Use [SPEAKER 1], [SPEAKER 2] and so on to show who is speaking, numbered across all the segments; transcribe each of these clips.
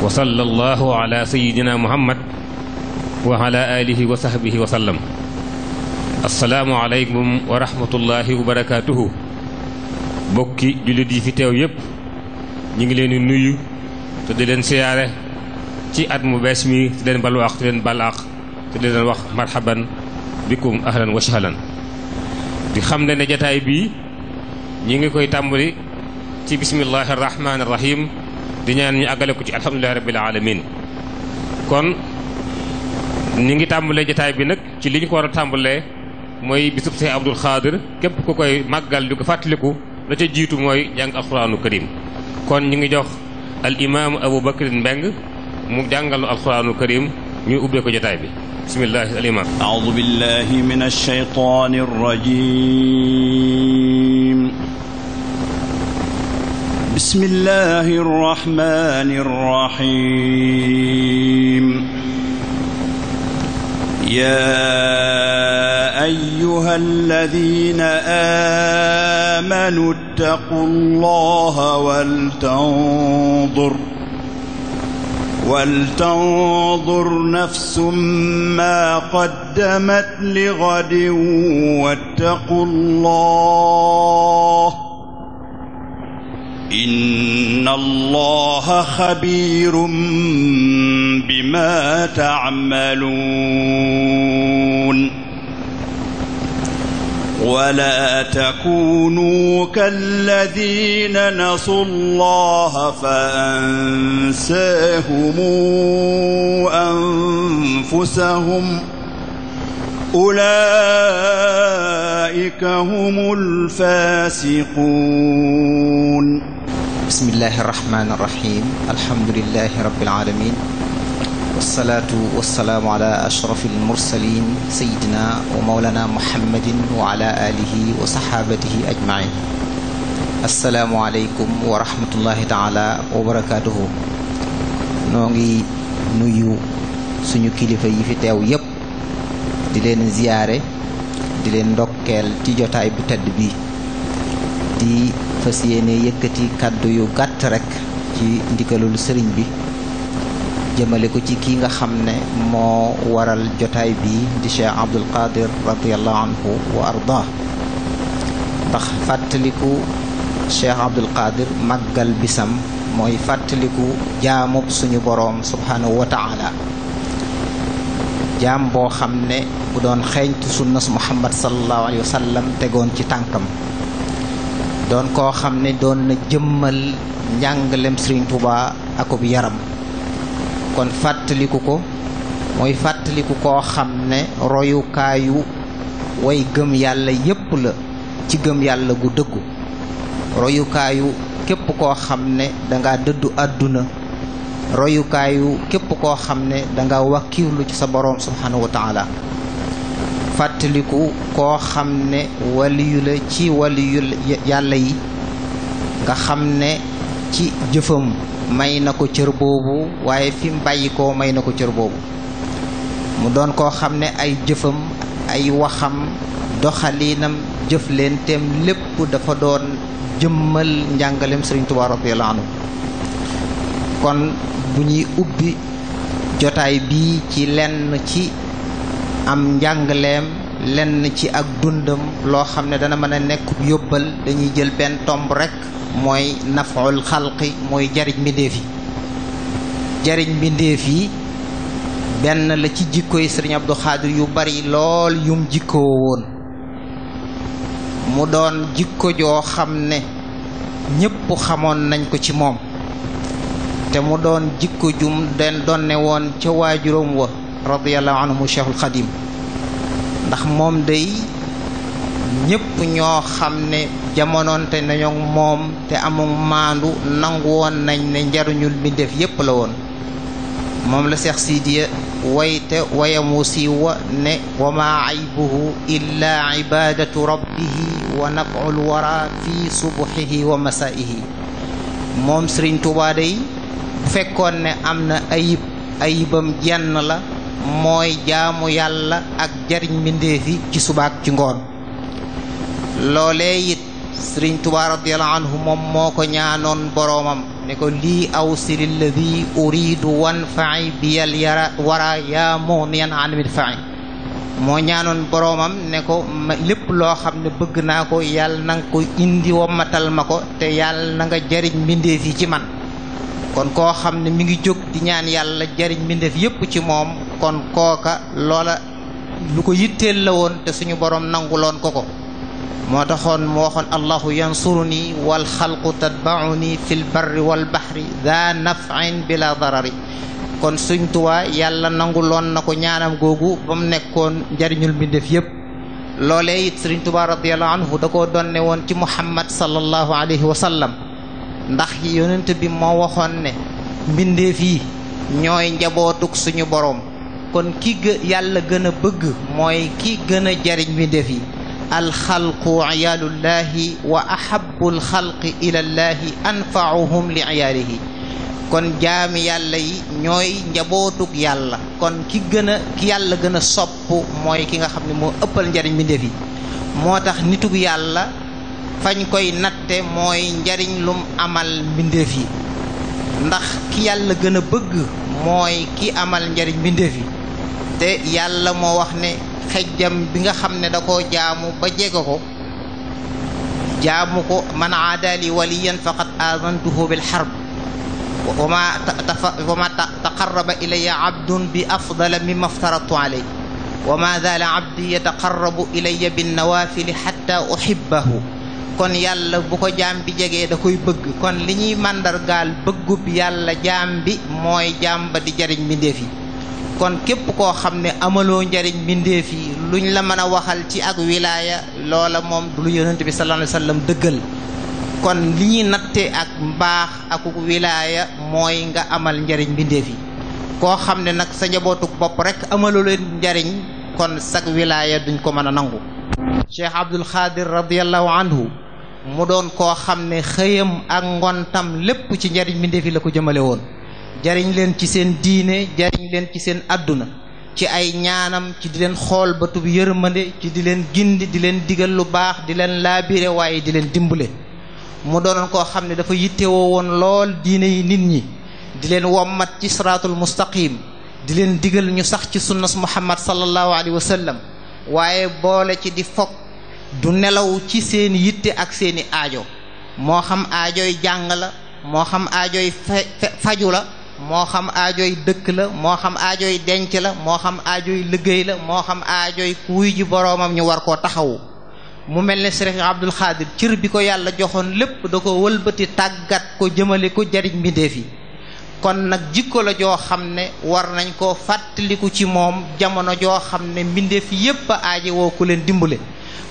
[SPEAKER 1] wa sallallahu ala sayidina muhammad wa ala alihi wa sahbihi wa sallam assalaamu aleykum wa rahmatullahi wa barakaatuhu bokki jullit yi fi teew yépp ñu ngi leen di nuyu te di leen siyaare ci at mu bees mi di leen balwaax di leen balaax te di leen wax marhaban bikum ahlan wa sahlan di xam ne ne jataay bii ñu ngi koy tàmbali ci bismillahi rahmaani di ñaan ñu àggale ko ci alhamdulilahi rabbil alamin kon ñu ngi tàmbalee jataay bi nag ci li ñu ko war a tàmbalee mooy bisub Seex Abdul Xaadir képp ku koy màggal di ko fàttaliku la ca jiitu mooy jàng alxuraanu karim kon ñu ngi jox al imaam Abu Bakrin Mbeng mu jàngal alxuraanu karim ñu ubbee ko jotaay bi bismillahi
[SPEAKER 2] al imaam a'uudu billahi minash shaytaanir rajiim بسم الله الرحمن الرحيم يا ايها الذين امنوا اتقوا الله ولتنظر ولتنظر نفس ما قدمت لغد واتقوا الله إن الله خبير بما تعملون ولا تكونوا كالذين نسوا الله فأنساهم أنفسهم أولئك هم الفاسقون bismillahi irrahmani
[SPEAKER 3] irrahim alhamdulilahi rabilalamin wasalaatu wasalaamu ala ashraf almursalin sayidina wa maulana muhammadin wa ala alihi wa saxaabatihi ajmain asalaamualeykum wa rahmatullahi taala wa barakatuhu noo ngi nuyu suñu kilifa yi fi teew yépp di leen ziyaare di leen ndokkeel ci jotaay bu tedd bi di fas yéene yëkkati kàddu yu gàtt rekk ci ndigalul sëriñ bi jëmale ko ci kii nga xam ne moo waral jotaay bii di Cheikh Abdul Qadir radiallahu anhu wa arda ndax fàttaliku Cheikh Abdul Qadir màggal bisam mooy fàttaliku jaamub suñu boroom subhaanahu wa taala jaam boo xam ne bu doon xeeñtu sunnas Muhammad sallallahu alayhi wa sallam tegoon ci tànkam doon koo xam ne doon na jëmmal njàngalem Serigne Touba akub yaram kon fàttaliku ko mooy fàttaliku koo xam ne royukaayu woy gëm yàlla yépp la ci gëm yàlla gu dëggu royukaayu képp koo xam ne danga dëddu àdduna royukaayu képp koo xam ne danga wakkiirlu ci sa boroom subhanahu wa taala fàttaliku koo xam ne waliyu la ci waliyu yàlla yi nga xam ne ci jëfam may na ko cër boobu waaye fi mu bàyyi koo may na ko cër boobu mu doon koo xam ne ay jëfam ay waxam doxaliinam jëflenteem lépp dafa doon jëmmal njàngaleem Sëriñ Tuubaa radiyallaahu kon bu ñuy ubbi jotaay bii ci lenn ci am njàngaleem lenn ci ak dundam loo xam ne dana mën a nekk yóbbal dañuy jël benn tomb rekk mooy nafaul xalqi mooy jariñ mbindéef yi jariñ mbindéef yi benn la ci jikko yi sëriñ Abdou yu bari lool yum jikkoo woon mu doon jikko xam ne ñépp xamoon nañ ko ci moom te mu doon jikko jum den donne woon ca waajuram wa radiyallahu anhu cheikhul ndax moom day ñépp ñoo xam ne jamonoonte nañu moom te amul maandu nangu woon nañ ne njariñul mbindeef yépp la woon moom la seex siidiya wayte wayamu siiw wa ne wa maa aybuhu illaa ibaadatu rabbihi wa naf'ul wara fi subuhihi wa masaa'ihi moom Sëriñ Tuubaa day fekkoon ne am na ayib ayibam jenn la mooy jaamu yàlla ak jariñ mbindéef yi ci subaak ci ngoon loolee it sëriñ Tuubaa radiyallahu anhu moom moo ko ñaanoon boroomam ne ko lii aw sililladi uridu wan fai biyal yara wara yaa mooniyan anmil fai moo ñaanoon boroomam ne ko lépp loo xam ne bëgg naa ko yàlla na ko indi wammatal ma ko te yàlla nanga jariñ mbindéef yi ci man kon koo xam ne mi ngi jóg di ñaan yàlla jariñ mbindéef yépp ci moom kon kooka loola lu ko yitteel la woon te suñu borom nanguloon ko ko moo taxoon mu waxoon allahu yansuruni wal xalqu tatbauni fil barri wal baxri daa nafin bila darari kon suñ tuwaa yàlla nanguloon na ko ñaanam googu ba mu nekkoon njariñul mbindéef yépp loolee it sëriñ tubaa radiallahu anhu da koo donne woon ci muhammad sallallahu alayhi wa ndax yonent bi moo waxoon ne mbindéef yi ñooy njabootuk suñu boroom kon ki gë yàlla gën a bëgg mooy ki gën a jariñ mi yi alxalqu iyaalullahi wa ahabu alxalqi ilallahi anfaauhum li iyaalihi kon jaami yàlla yi ñooy njabootug yàlla kon ki gën a ki yàlla gën a sopp mooy ki nga xam ni moo ëppal njariñ mi yi moo tax nitug yàlla fañ koy natte mooy njariñ lum amal mbindeef yi ndax ki yàlla gën a bëgg mooy ki amal njariñ mbindeef yi te yàlla moo wax ne xejjam bi nga xam ne da koo jaamu ba jege ko jaamu ko man aadaali waliyan faqad aadantuhu bil harb wama wama taqarraba ilaya abdun bi afdala mimma aftaradtu alayh wa ma zaala abdi yataqarrabu ilaya binnawaafili xatta uhibbahu kon yàlla bu ko jaam bi jegee da koy bëgg kon li ñuy màndargaal bëggub yàlla jaam bi mooy jaam ba di jariñ mbindéef yi kon képp koo xam ne amaloo njariñ mbindeef yi luñ la mën a waxal ci ak wilaaya loola moom du lu yonent bi sallallahu alayhi wasallam dëggal kon li ñuy natte ak mbaax ak wilaaya mooy nga amal njariñ mbindeef yi koo xam ne nag sa njabootuk bopp rek amaloo leen njariñ kon sag wilaaya duñ ko mën a nangu Cheikh Abdul Xaadir radiallahu anhu mu doon koo xam ne xëyam ak ngontam lépp ci njariñ mbindeef yi la ko jëmale woon jariñ leen ci seen diine jariñ leen ci seen àdduna ci ay ñaanam ci di leen xool ba tub yërmande ci di leen gindi di leen digal lu baax di leen laabire waaye di leen dimbale mu doonoon koo xam ne dafa yittewoo woon lool diine yi nit ñi di leen wommat ci siraatul mustaqim di leen digal ñu sax ci sunnas muhammad sallallahu alayhi wa sallam waaye boole ci di fokk du nelaw ci seen yitte ak seeni aajo moo xam aajooy jàng la moo xam aajooy faju la moo xam aajooy dëkk la moo xam aajooy denc la moo xam aajooy liggéey la moo xam aajooy kuuy ji boroomam ñu war koo taxawu mu mel ne Serigne Abdul Xaadir cër bi ko yàlla joxoon lépp da ko walbati tàggat ko jëmale ko jariñ mbindeef yi kon nag jikko la joo xam ne war nañ koo fàttaliku ci moom jamono joo xam ne mbindeef yépp aaje woo ku leen dimbale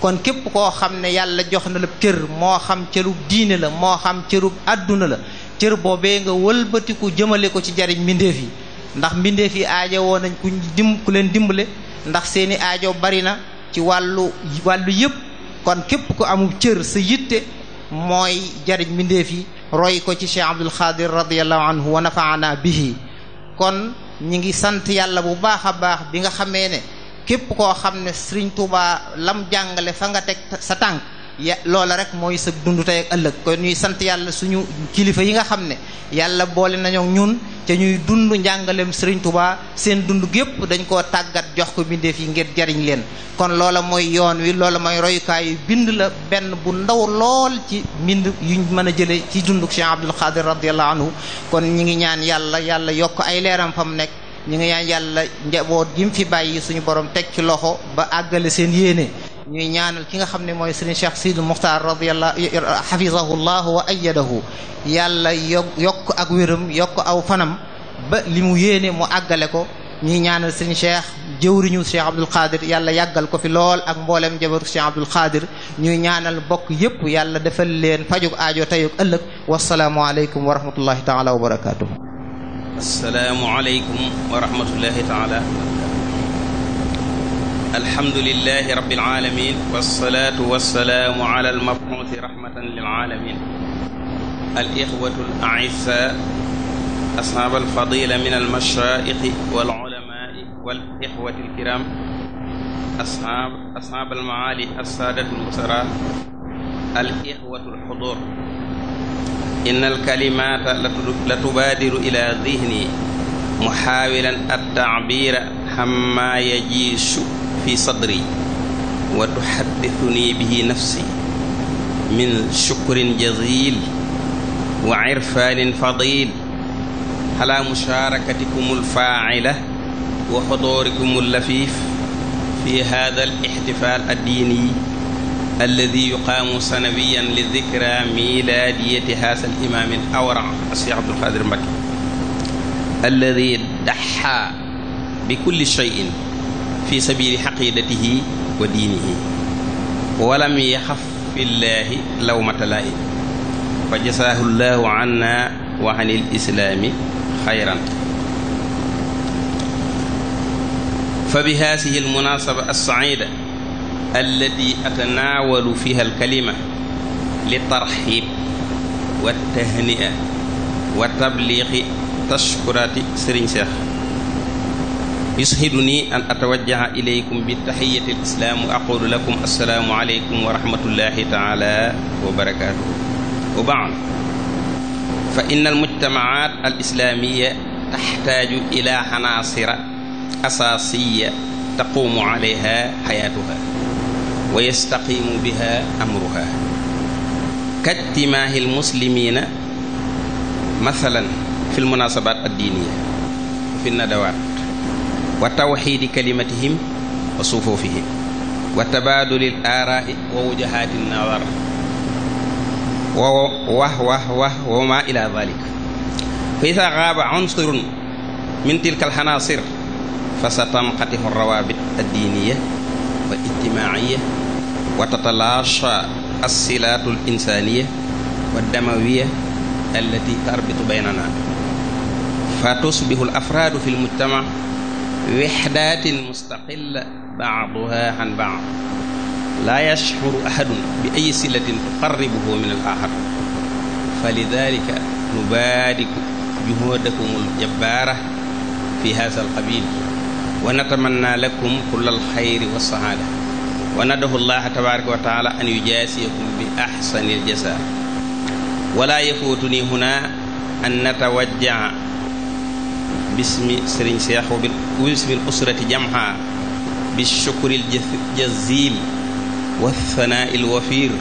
[SPEAKER 3] kon képp koo xam ne yàlla jox na la cër moo xam cërub diine la moo xam cëru àdduna la cër boobee nga wëlbatiku jëmale ko ci jariñ mbindeef yi ndax mbindeef yi aajo woon nañ ku dim ku leen dimbale ndax seeni aajo bari na ci wàllu wàllu yëpp kon képp ko amul cër sa yitte mooy jariñ mbindeef yi roy ko ci Cheikh Abdul Xaadir radiallahu anhu wa nafaana bihi kon ñi ngi sant yàlla bu baax a baax bi nga xamee ne képp koo xam ne Sëriñ tuuba lam jàngale fa nga teg sa tànk ya loola rek mooy sa dund tey ak ëllëg kon ñuy sant yàlla suñu kilifa yi nga xam ne yàlla boole nañoo ñun ca ñuy dund njàngaleem Serigne Touba seen dund gépp dañ ko tàggat jox ko bindeef yi ngir jariñ leen kon loola mooy yoon wi loola mooy royukaayu bind la benn bu ndaw lool ci mbind yuñ mën a jële ci dundu Cheikh Abdul Xaadir radiyallahu anhu kon ñi ngi ñaan yàlla yàlla yokk ay leeram fa mu nekk ñi ngi ñaan yàlla njaboot gi mu fi bàyyi suñu borom teg ci loxo ba àggale seen yéene ñuy ñaanal ki nga xam ne mooy sëriñ Cheikh Sidou Muxtaar radiyallahu xafizahu llahu wa ayadahu yàlla yokk ak wéram yokk aw fanam ba li mu yéene mu àggale ko ñuy ñaanal sëriñ Cheikh jëwriñu Cheikh Abdul Xaadir yàlla yàggal ko fi lool ak mboolem jabaru Cheikh Abdul Xaadir ñuy ñaanal bokk yépp yàlla defal leen fajug aajo tayug ëllëg wasalaamu aleykum wa rahmatullahi taala wa barakaatuhu
[SPEAKER 4] asalaamu aleykum wa rahmatullahi taala alhamdulilahi rabbil alamin wasalaatu wasalaamu ala almabcuusi rahmatan lil alamin al ixwatu al aisa ashaab alfadila min almashaaiqi wal ulamai wal ixwati alkiram ashaab ashaab almaali assaadatu almusara al ixwatu alxudur إن الكلمات لتبادر إلى ذهني محاولا التعبير عما يجيش fi sadri wa tuxaddisuni bihi nafsi min shukrin jazil wa irfanin fadil ala musharakatikum alfaacila wa xuduurikum allafif fi hada alixtifal addiini alladi yuqaamu sanawiyan li dikra milaadiyati haasa alimaam alawra asiix abdulqaadir Mbakke alladi daxa bi kulli cheyin fi sabili xaqidatihi wa diinihi walam yaxaf fillaahi lawmata laa'im fa jasaahu llaahu anna wa anil islaami xayran fa bi haasihi almunaasaba alsaciida allati atanaawalu fiha alkalima litarxiib wa tahni'a wa tabliixi tashkuraati sëriñ Seex yushiduni an atawajjaha ilaykum bi taxiyati lislaam wa aqulu lakum assalaamu aleykum wa rahmatullahi taala wa barakatuhu wa baad fa inna almujtamaat alislaamiya taxtaaju ila xanaasira asaasiya taquumu alayha xayaatuha wa yastaqimu biha amruha kaijtimaahi almuslimiina mathalan fi almunaasabaat addiiniya fi nadawaat wa tawxiidi kalimatihim wa sufuufihim wa tabaaduli aaraai wa wujahaati nadar wa wax wax wax wa ma ila dalik fa ida gaaba unsirun min tilka alxanaasir fa sa tanqatixu rawaabit addiiniya wa ijtimaaciya wa tatalaasha alsilaatu alinsaaniya wa damawiya allati tarbitu baynana fa tusbixu alafraadu fi lmujtamac wixdaatin mustaqilla baaduha an baad laa yashcuru ahadun bi ay silatin tuqarribuhu min al axar fa lidalika nubaadiku juhudakum aljabbaara fi haza alqabil wa natamanna lakum kulla alxayri walsahaada wa nadahu llaha tabaraka wa taala an yujaasiyakum bi axsani aljasa wala yafuutuni huna an natawajjaa bismi sëriñ seex ويسر الأسرة جمعا بالشكر الجزيل والثناء الوفير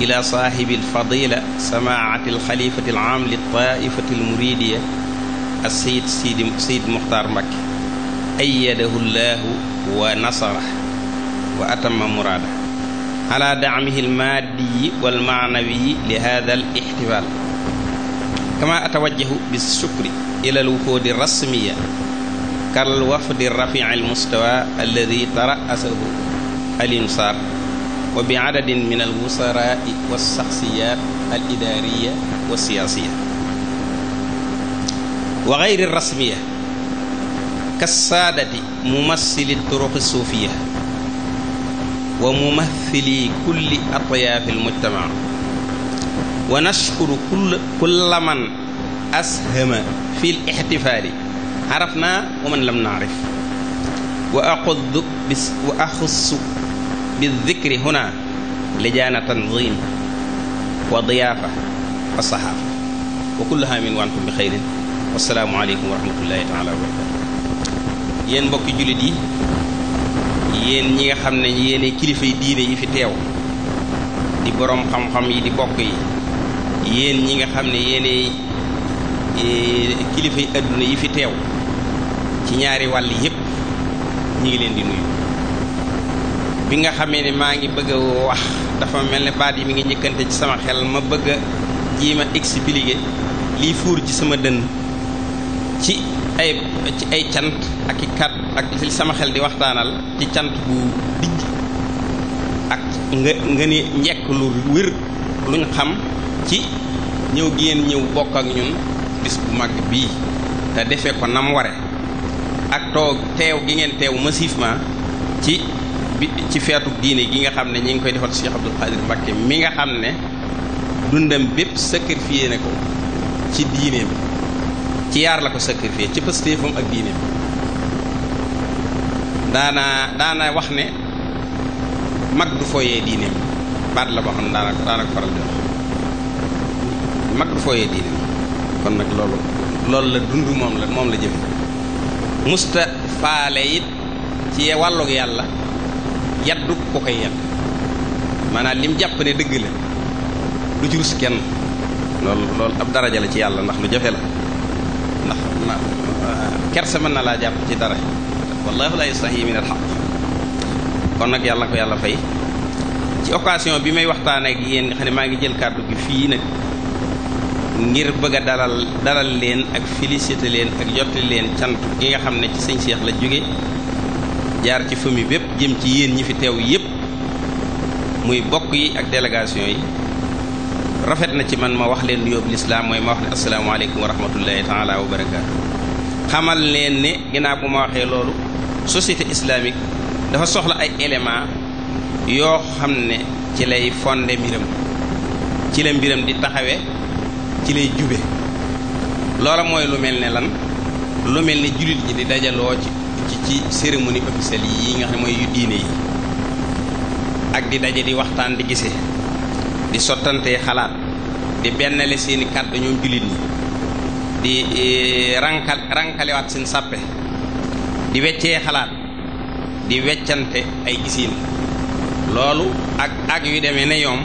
[SPEAKER 4] إلى صاحب الفضيلة سماعة الخليفة العام للطائفة المريدية السيد سيد سيد مختار مكي أيده الله ونصره وأتم مراده على دعمه المادي والمعنوي لهذا الاحتفال كما أتوجه بالشكر إلى الوفود الرسمية kal wafdi rafii al mustawa alladi taraasahu alin saar wa bi adadin min al wusarai wa saxsiyat al idaariya wa siyaasiya wa gayri rasmiya kassaadati mumassili turuqi suufiya wa mumathili kulli atyaafi almujtama wa nashkuru kulla man ashama fi al ixtifaali araf naa wa man lam naarif wa aqudu bi wa axussu bi dikri huna lijaana tanzim wa diyaafa wa saxaafa wa kullu haamin wa antum bi xayrin wasalaamu aleykum wa rahmatullahi taala wa barakatu yéen mbokki jullit yi yéen ñi nga xam ne yéene kilifa yi diine yi fi teew di boroom xam yi bokk yi yéen ñi nga xam ne yéene eh, kilifa yi yi fi teew ci ñaari wàll yépp ñi ngi leen di nuyu bi nga xamee ne maa ngi bëgg a wax dafa mel ne baat yi mi ngi njëkkante ci sama xel ma bëgg a jiima expliquer lii fuur ci sama dënn ci ay ci ay cant ak i kat ak li sama xel di waxtaanal ci cant bu dijj ak nga nga njekk lu wér luñ xam ci ñëw gi ngeen ñëw bokk ak ñun bis bu mag bii te defee ko nam ware ak toog teew gi ngeen teew massivement ci bi ci feetu diine gi nga xam ne ñi ngi koy defal Cheikh Abdoul Khadir Mbacké mi nga xam ne dundam bépp sacrifié na ko ci diine bi ci yaar la ko sacrifié ci pastéefam ak diine bi daana daana wax ne mag du fooyee diine bi baat la boo xam daana daana ko faral di mag du fooyee diine kon nag loolu loolu la dund moom la moom la jëf musta faale it ci wàllug yàlla yaddu ko koy yadd maanaam lim jàpp ne dëgg la du ci rus kenn lool loolu ab daraja la ci yàlla ndax lu jafe la ndax ma mën na laa jàpp ci dara wallaahu la yastahi min al xaq kon nag yàlla ko yàlla fay ci occasion bi may waxtaan ak yéen nga ne maa ngi jël kàddu gi fii nag ngir bëgg a dalal dalal leen ak félicité leen ak jotti leen cantu gi nga xam ne ci sëñ Cheikh la jóge jaar ci famille bépp jëm ci yéen ñi fi teew yépp muy bokk yi ak délégation yi rafet na ci man ma wax leen nuyoobu lislaam mooy ma wax ne asalaamaaleykum wa rahmatullahi taala wa barakaatu xamal leen ne ginnaaw bu ma waxee loolu société islamique dafa soxla ay éléments yoo xam ne ci lay fonde mbiram ci la mbiram di taxawee ci lay jube loola mooy lu mel ne lan lu mel ne jullit ñi di dajaloo ci ci cérémonie officielle yi nga xam ne mooy yu diine yi ak di daje di waxtaan di gise di sottantee xalaat di bennale seeni kàddu ñoom jullit ñi di e, rankal rankalewaat seen sàppe di weccee xalaat di weccante ay gisiin loolu ak ak yu demee ne yoom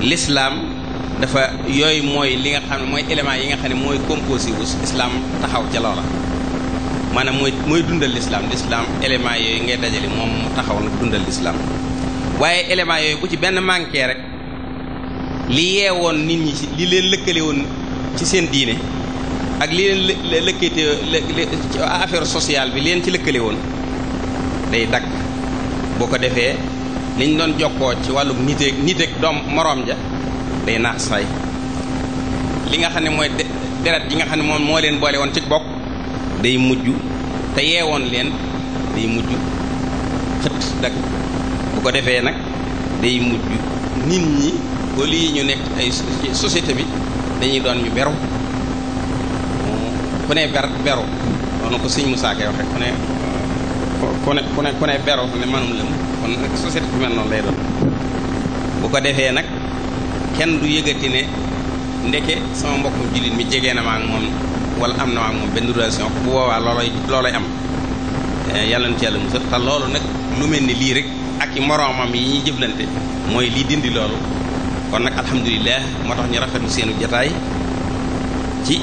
[SPEAKER 4] lislaam dafa yooyu mooy li nga xam ne mooy éléments yi nga xam ne mooy composé wu islam taxaw ca loola maanaam mooy mooy dundal lislaam lislaam éléments yooyu ngay dajale moom mu taxaw nag dundal lislaam waaye éléments yooyu bu ci benn manqué rek li yeewoon nit ñi ci li leen lëkkale woon ci seen diine ak li leen lëkkate affaire sociale bi leen ci lëkkale woon day dagg boo ko defee liñ doon jokkoo ci wàllum niteek niteek doom moroom ja day naax saay li nga xam ne mooy deret ji nga xam ne moom moo leen boole woon ci bokk day mujj te woon leen day mujj xët dak bu ko defee nag day mujj nit ñi ba lii ñu nekk ay société bi dañuy doon ñu beru ku ne ber beru noonu ko sëñ Moussa Gueye waxee ku ne ku ne ku ne ku ne ku ne manum lëm kon société bi mel noonu lay doon bu ko defee nag kenn du yëgati ne ndeke sama mbokkum jullit mi jege na ma ak moom wala am na ma ak moom benn relation bu boobaa loolay loolay am eh, yàlla na ci yàlla musal te loolu nag lu mel ni lii rek ak i moroomam yi jëflante mooy lii dindi loolu kon nag alhamdulilah moo tax ñu lu seenu jataay ci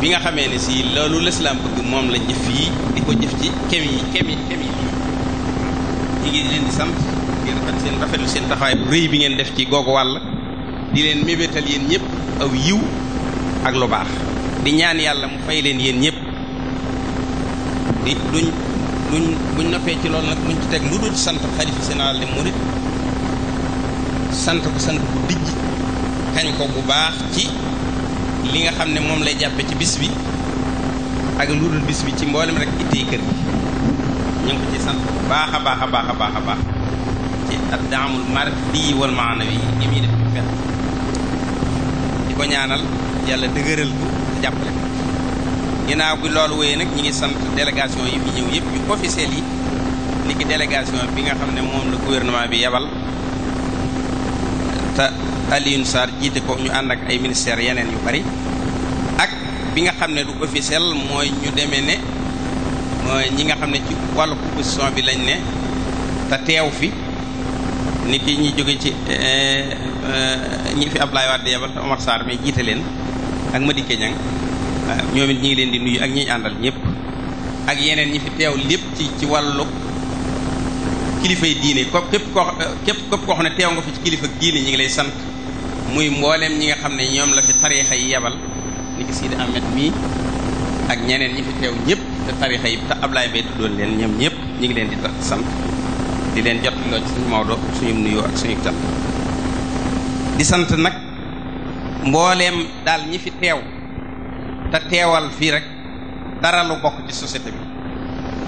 [SPEAKER 4] bi nga xamee ne si loolu lislaam bëgg moom la jëf yi di ko jëf ci kem yi kem yi lii ngi leen di sant di rafetlu seen rafetlu seen taxawaay bu rëy bi ngeen def ci googu wàll di leen mébétal yéen ñëpp aw yiw ak lu baax di ñaan yàlla mu fay leen yéen ñëpp di duñ duñ buñ noppee ci loolu nag mu ci teg lu dul sant xalifa général des sant ko dijj kañ ko bu baax ci li nga xam ne moom lay jàppe ci bis bi ak lu dul bis bi ci mboolem rek ittey kër gi ñu ngi ko ci sant bu baax a baax a baax a baax a baax ci ad daamul mardi wal yi li ko ñaanal yàlla dëgëral ko jàppale ko bi loolu wéyee nag ñi ngi sant délégation yi fi ñëw yëpp yu officiel yi ni ki bi nga xam ne moom la gouvernement bi yebal te Alioune Sarr jiite ko ñu ànd ak ay ministères yeneen yu bari ak bi nga xam ne du officiel mooy ñu demee ne mooy ñi nga xam ne ci wàllu opposition bi lañ ne te teew fi nit ñi jóge ci eh, Euh, ñi fi Ablaye Wade yebal te Omar Sarr mais jiite leen ak Madické Niang euh, ñoom it ñi ngi leen di nuyu ak ñi àndal ñëpp ak yeneen ñi fi teew lépp ci ci wàllu kilifay diine ko képp ko euh, képp xam ne teew nga fi ci kilifa diine ñi ngi lay sant muy mbooleem ñi nga xam ne ñoom la fi tariixa yi yebal ni ki Sidi Ahmed mii ak ñeneen ñi fi teew ñëpp te yi te Ablaye bay tuddoon leen ñoom ñëpp ñi ngi leen di sant di leen jot loo ci suñu Maodo suñu nuyoo ak suñu cant di sant nag mbooleem daal ñi fi teew te teewal fii rek dara lu bokk ci société bi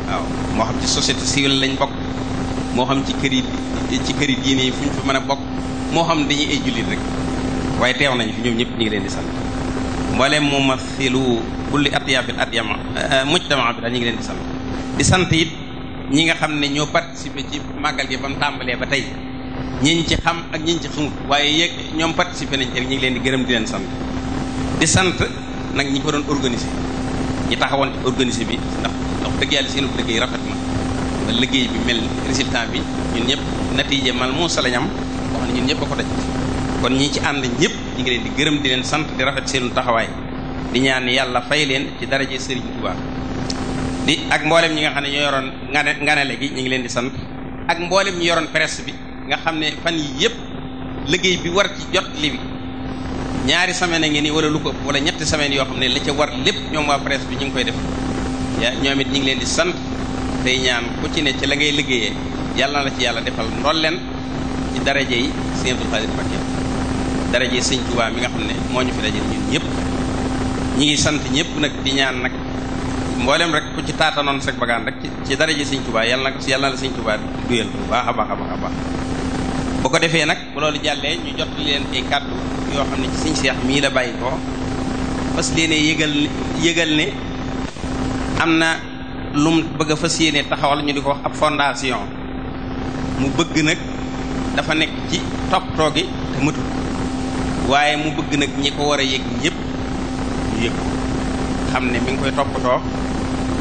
[SPEAKER 4] waaw moo xam ci société civile lañ bokk moo xam ci kër yi ci kër yi diine yi fu ñu fi mën a bokk moo xam dañuy ay jullit rek waaye teew nañ fi ñëw ñëpp ñu ngi leen di sant mbooleem mu ma filu kulli atyaabil atyama eh, mujtama bi daal ñu ngi leen di sant di sant it ñi nga xam ne ñoo participé ci màggal gi ba mu tàmbalee ba tey ñiñ ci xam ak ñiñ ci xamut waaye yeeg ñoom participé nañ ci ñu ngi leen di gërëm di leen sant di sant nag ñi ko doon organisé ñi taxawoon ci organisé bi ndax ndax dëgg yàlla seenu dëgg yi rafet na ba liggéey bi mel résultat bi ñun ñëpp natiije mal muusa lañ am wax ne ñun ñëpp a ko daj kon ñi ci ànd ñëpp ñi ngi leen di gërëm di leen sant di rafet seenu taxawaay di ñaan yàlla fay leen ci daraje Sëriñ Tuubaa di ak mboolem ñi nga xam ne ñoo yoroon ngane nganale gi ñu ngi leen di sant ak mboolem ñu yoroon presse bi nga xam ne fan yii yëpp liggéey bi war ci jot li bi ñaari semaine a ngi nii wala lu ko wala ñetti semaines yoo xam ne la ca war lépp ñoom waa presse bi ñu ngi koy def yaa ñoom it ñu ngi leen di sant tey ñaan ku ci ne ci la ngay liggéeyee yàlla na la ci yàlla defal ndolleen ci daraje yi sëñ Abdou Khadir Mbacké daraje yi sëñ mi nga xam ne moo ñu fi dajale ñun ñëpp ñi ngi sant ñëpp nag di ñaan nag mboolem rek ku ci taatanoon sag bagaan rek ci daraje sëñ Touba yàlla na ko si yàlla la sëñ Touba duyal a bu ko defee nag bu loolu jàllee ñu jot leen ay kàddu yoo xam ne ci sëñ Seex mii la bàyyi ko fas yéene yëgal yëgal ne am na lum bëgg a fas yéene taxawal ñu di ko wax ab fondation mu bëgg nag dafa nekk ci toppatoo gi te matul waaye mu bëgg nag ñi ko war a yëg ñëpp ñu yëg xam ne mi ngi koy toppatoo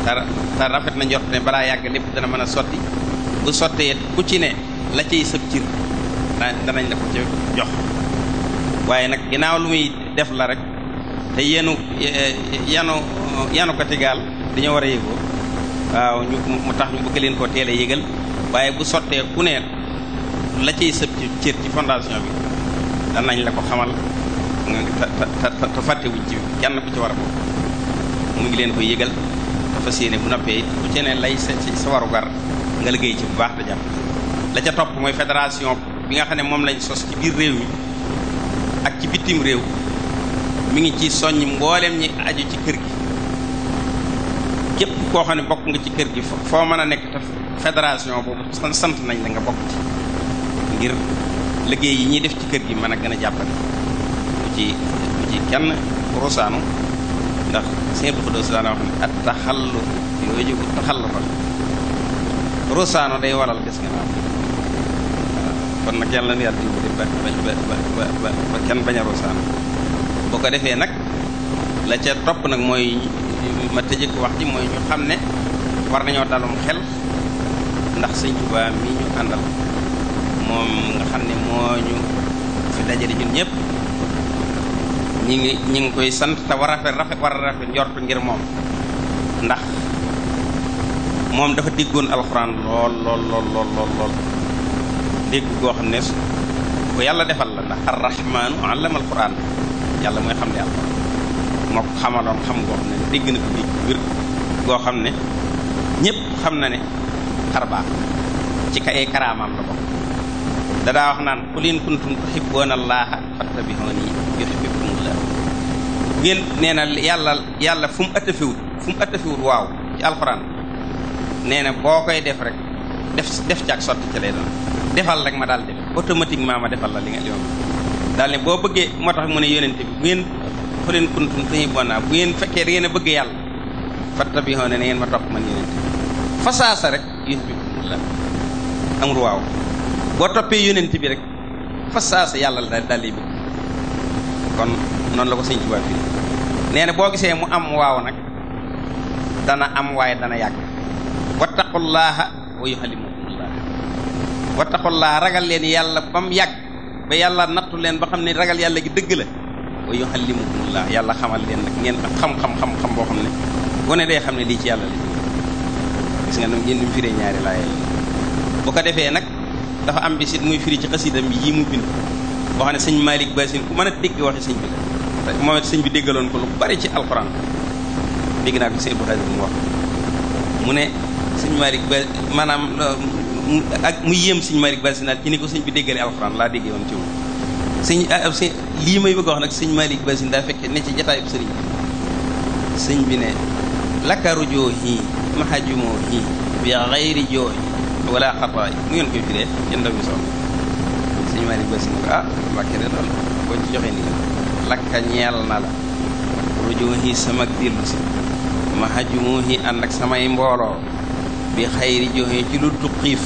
[SPEAKER 4] te te rafet na njort ne balaa yàgg lépp dana mën a sotti bu sottee ku ci ne la cay sëb cir danañ la ko ci jox waaye nag ginnaaw lu muy def la rek te yenu yanu yanu ko tigaal dañoo war a yëgoo waaw ñu mu tax ñu bëgg leen koo teel a yëgal waaye bu sottee ku ne la cay sëb ci cër ci fondation bi danañ la ko xamal te te fàttewuñ ci kenn ku ci war a bokk mu ngi leen koy yëgal dafa séene bu noppee it ku ci ne lay sa sa warugar nga liggéey ci bu baax te jàpp la ca topp mooy fédération bi nga xam ne moom lañ sos ci biir réew mi ak ci bitim réew mu ngi ci soññ mboolem ñi aju ci kër gi képp koo xam ne bokk nga ci kër gi foo mën a nekk te fédération boobu sant nañ la nga bokk ci ngir liggéey yi ñuy def ci kër gi mën a gën a jàppale bu ci bu ci kenn rusaanu ndax sëñ bu Xuddoos daana wax ne at taxallu yooyu bu taxallu fa rusaanu day waral gis nga naaw kon nag yàlla na yàlla dimbali ba ba ba kenn bañ a boo ko defee nag la ca topp nag mooy ma tëjëk wax ji mooy ñu xam ne war nañoo dalum xel ndax sëñ Tuubaa mii ñu àndal moom nga xam ne moo fi dajale ñun ñi ngi ñi ngi koy sant te war a rafet war a rafet ngir moom ndax moom dafa diggoon alxuraan lool lool lool lool lool dégg goo xam ne ko yàlla defal la ndax arrahmaanu allama alquran yàlla mooy xam ne alquran moo ko xam ne dégg na ko bi wér goo xam ne ñëpp xam na ne xarbaax ci kay karaamaam la bokk dadaa wax naan qul in kuntum tuhibbuuna allaaha fattabi'uuni yuhbibkumullah ngeen nee yàlla yàlla fu mu attafewut fu mu attafewut waaw ci alquran nee boo koy def rek def def ci ak sotti ci lay doon defal rek ma daal def automatiquement ma defal la li nga yoon daal ne boo bëggee moo tax mu ne yonent bi bu ngeen fa leen kuntum tuhibbuna bu ngeen fekkee da ngeen a bëgg yàlla ne na ngeen ma topp man yonent bi fasaasa rek yuhbibkumullah am waaw boo toppee yonent bi rek fasaasa yàlla la daal lay bëgg kon noonu la ko sëñ Tuubaa fii nee na boo gisee mu am waaw nag dana am waaye dana yàgg wattaqullaha wa yuhallimu wattaqullaa ragal leen yàlla ba mu yàgg ba yàlla nattu leen ba xam ne ragal yàlla gi dëgg la wa yuallimukumullaa yàlla xamal leen nag ngeen xam-xam xam-xam boo xam ne gone day xam ne lii ci yàlla la gis nga nam ngeen di firee ñaari laay bu ko defee nag dafa am bisit muy firi ci xasidam bi yi mu bind boo xam ne sëñ Malick Basine ku man a dégg waxe sëñ bi la moom it sëñ bi déggaloon ko lu bari ci alxuraan dégg naa ko sëñ Abdou Khadir mu wax mu ne sëñ Malick ba maanaam ak mu yéem sëñ Malick Basinaat ci ni ko sëñ bi déggalee alxuraan laa déggee woon ci moom sëñ ah, lii may bëgg a wax nag sëñ Malick Basine daa fekkee ne ci jataayub sëriñ bi bi ne lakkaru joo hii mahajumoo hii bi xayri joo wala xataay mu ngeen koy firee yéen ndaw ah mbàkke de loolu boo ci joxee ni lakka ñeel na la rujoo hii sama dellu si mahajumoo hii ànd ak samay mbooloo bi xayri joxe ci lu tub xiif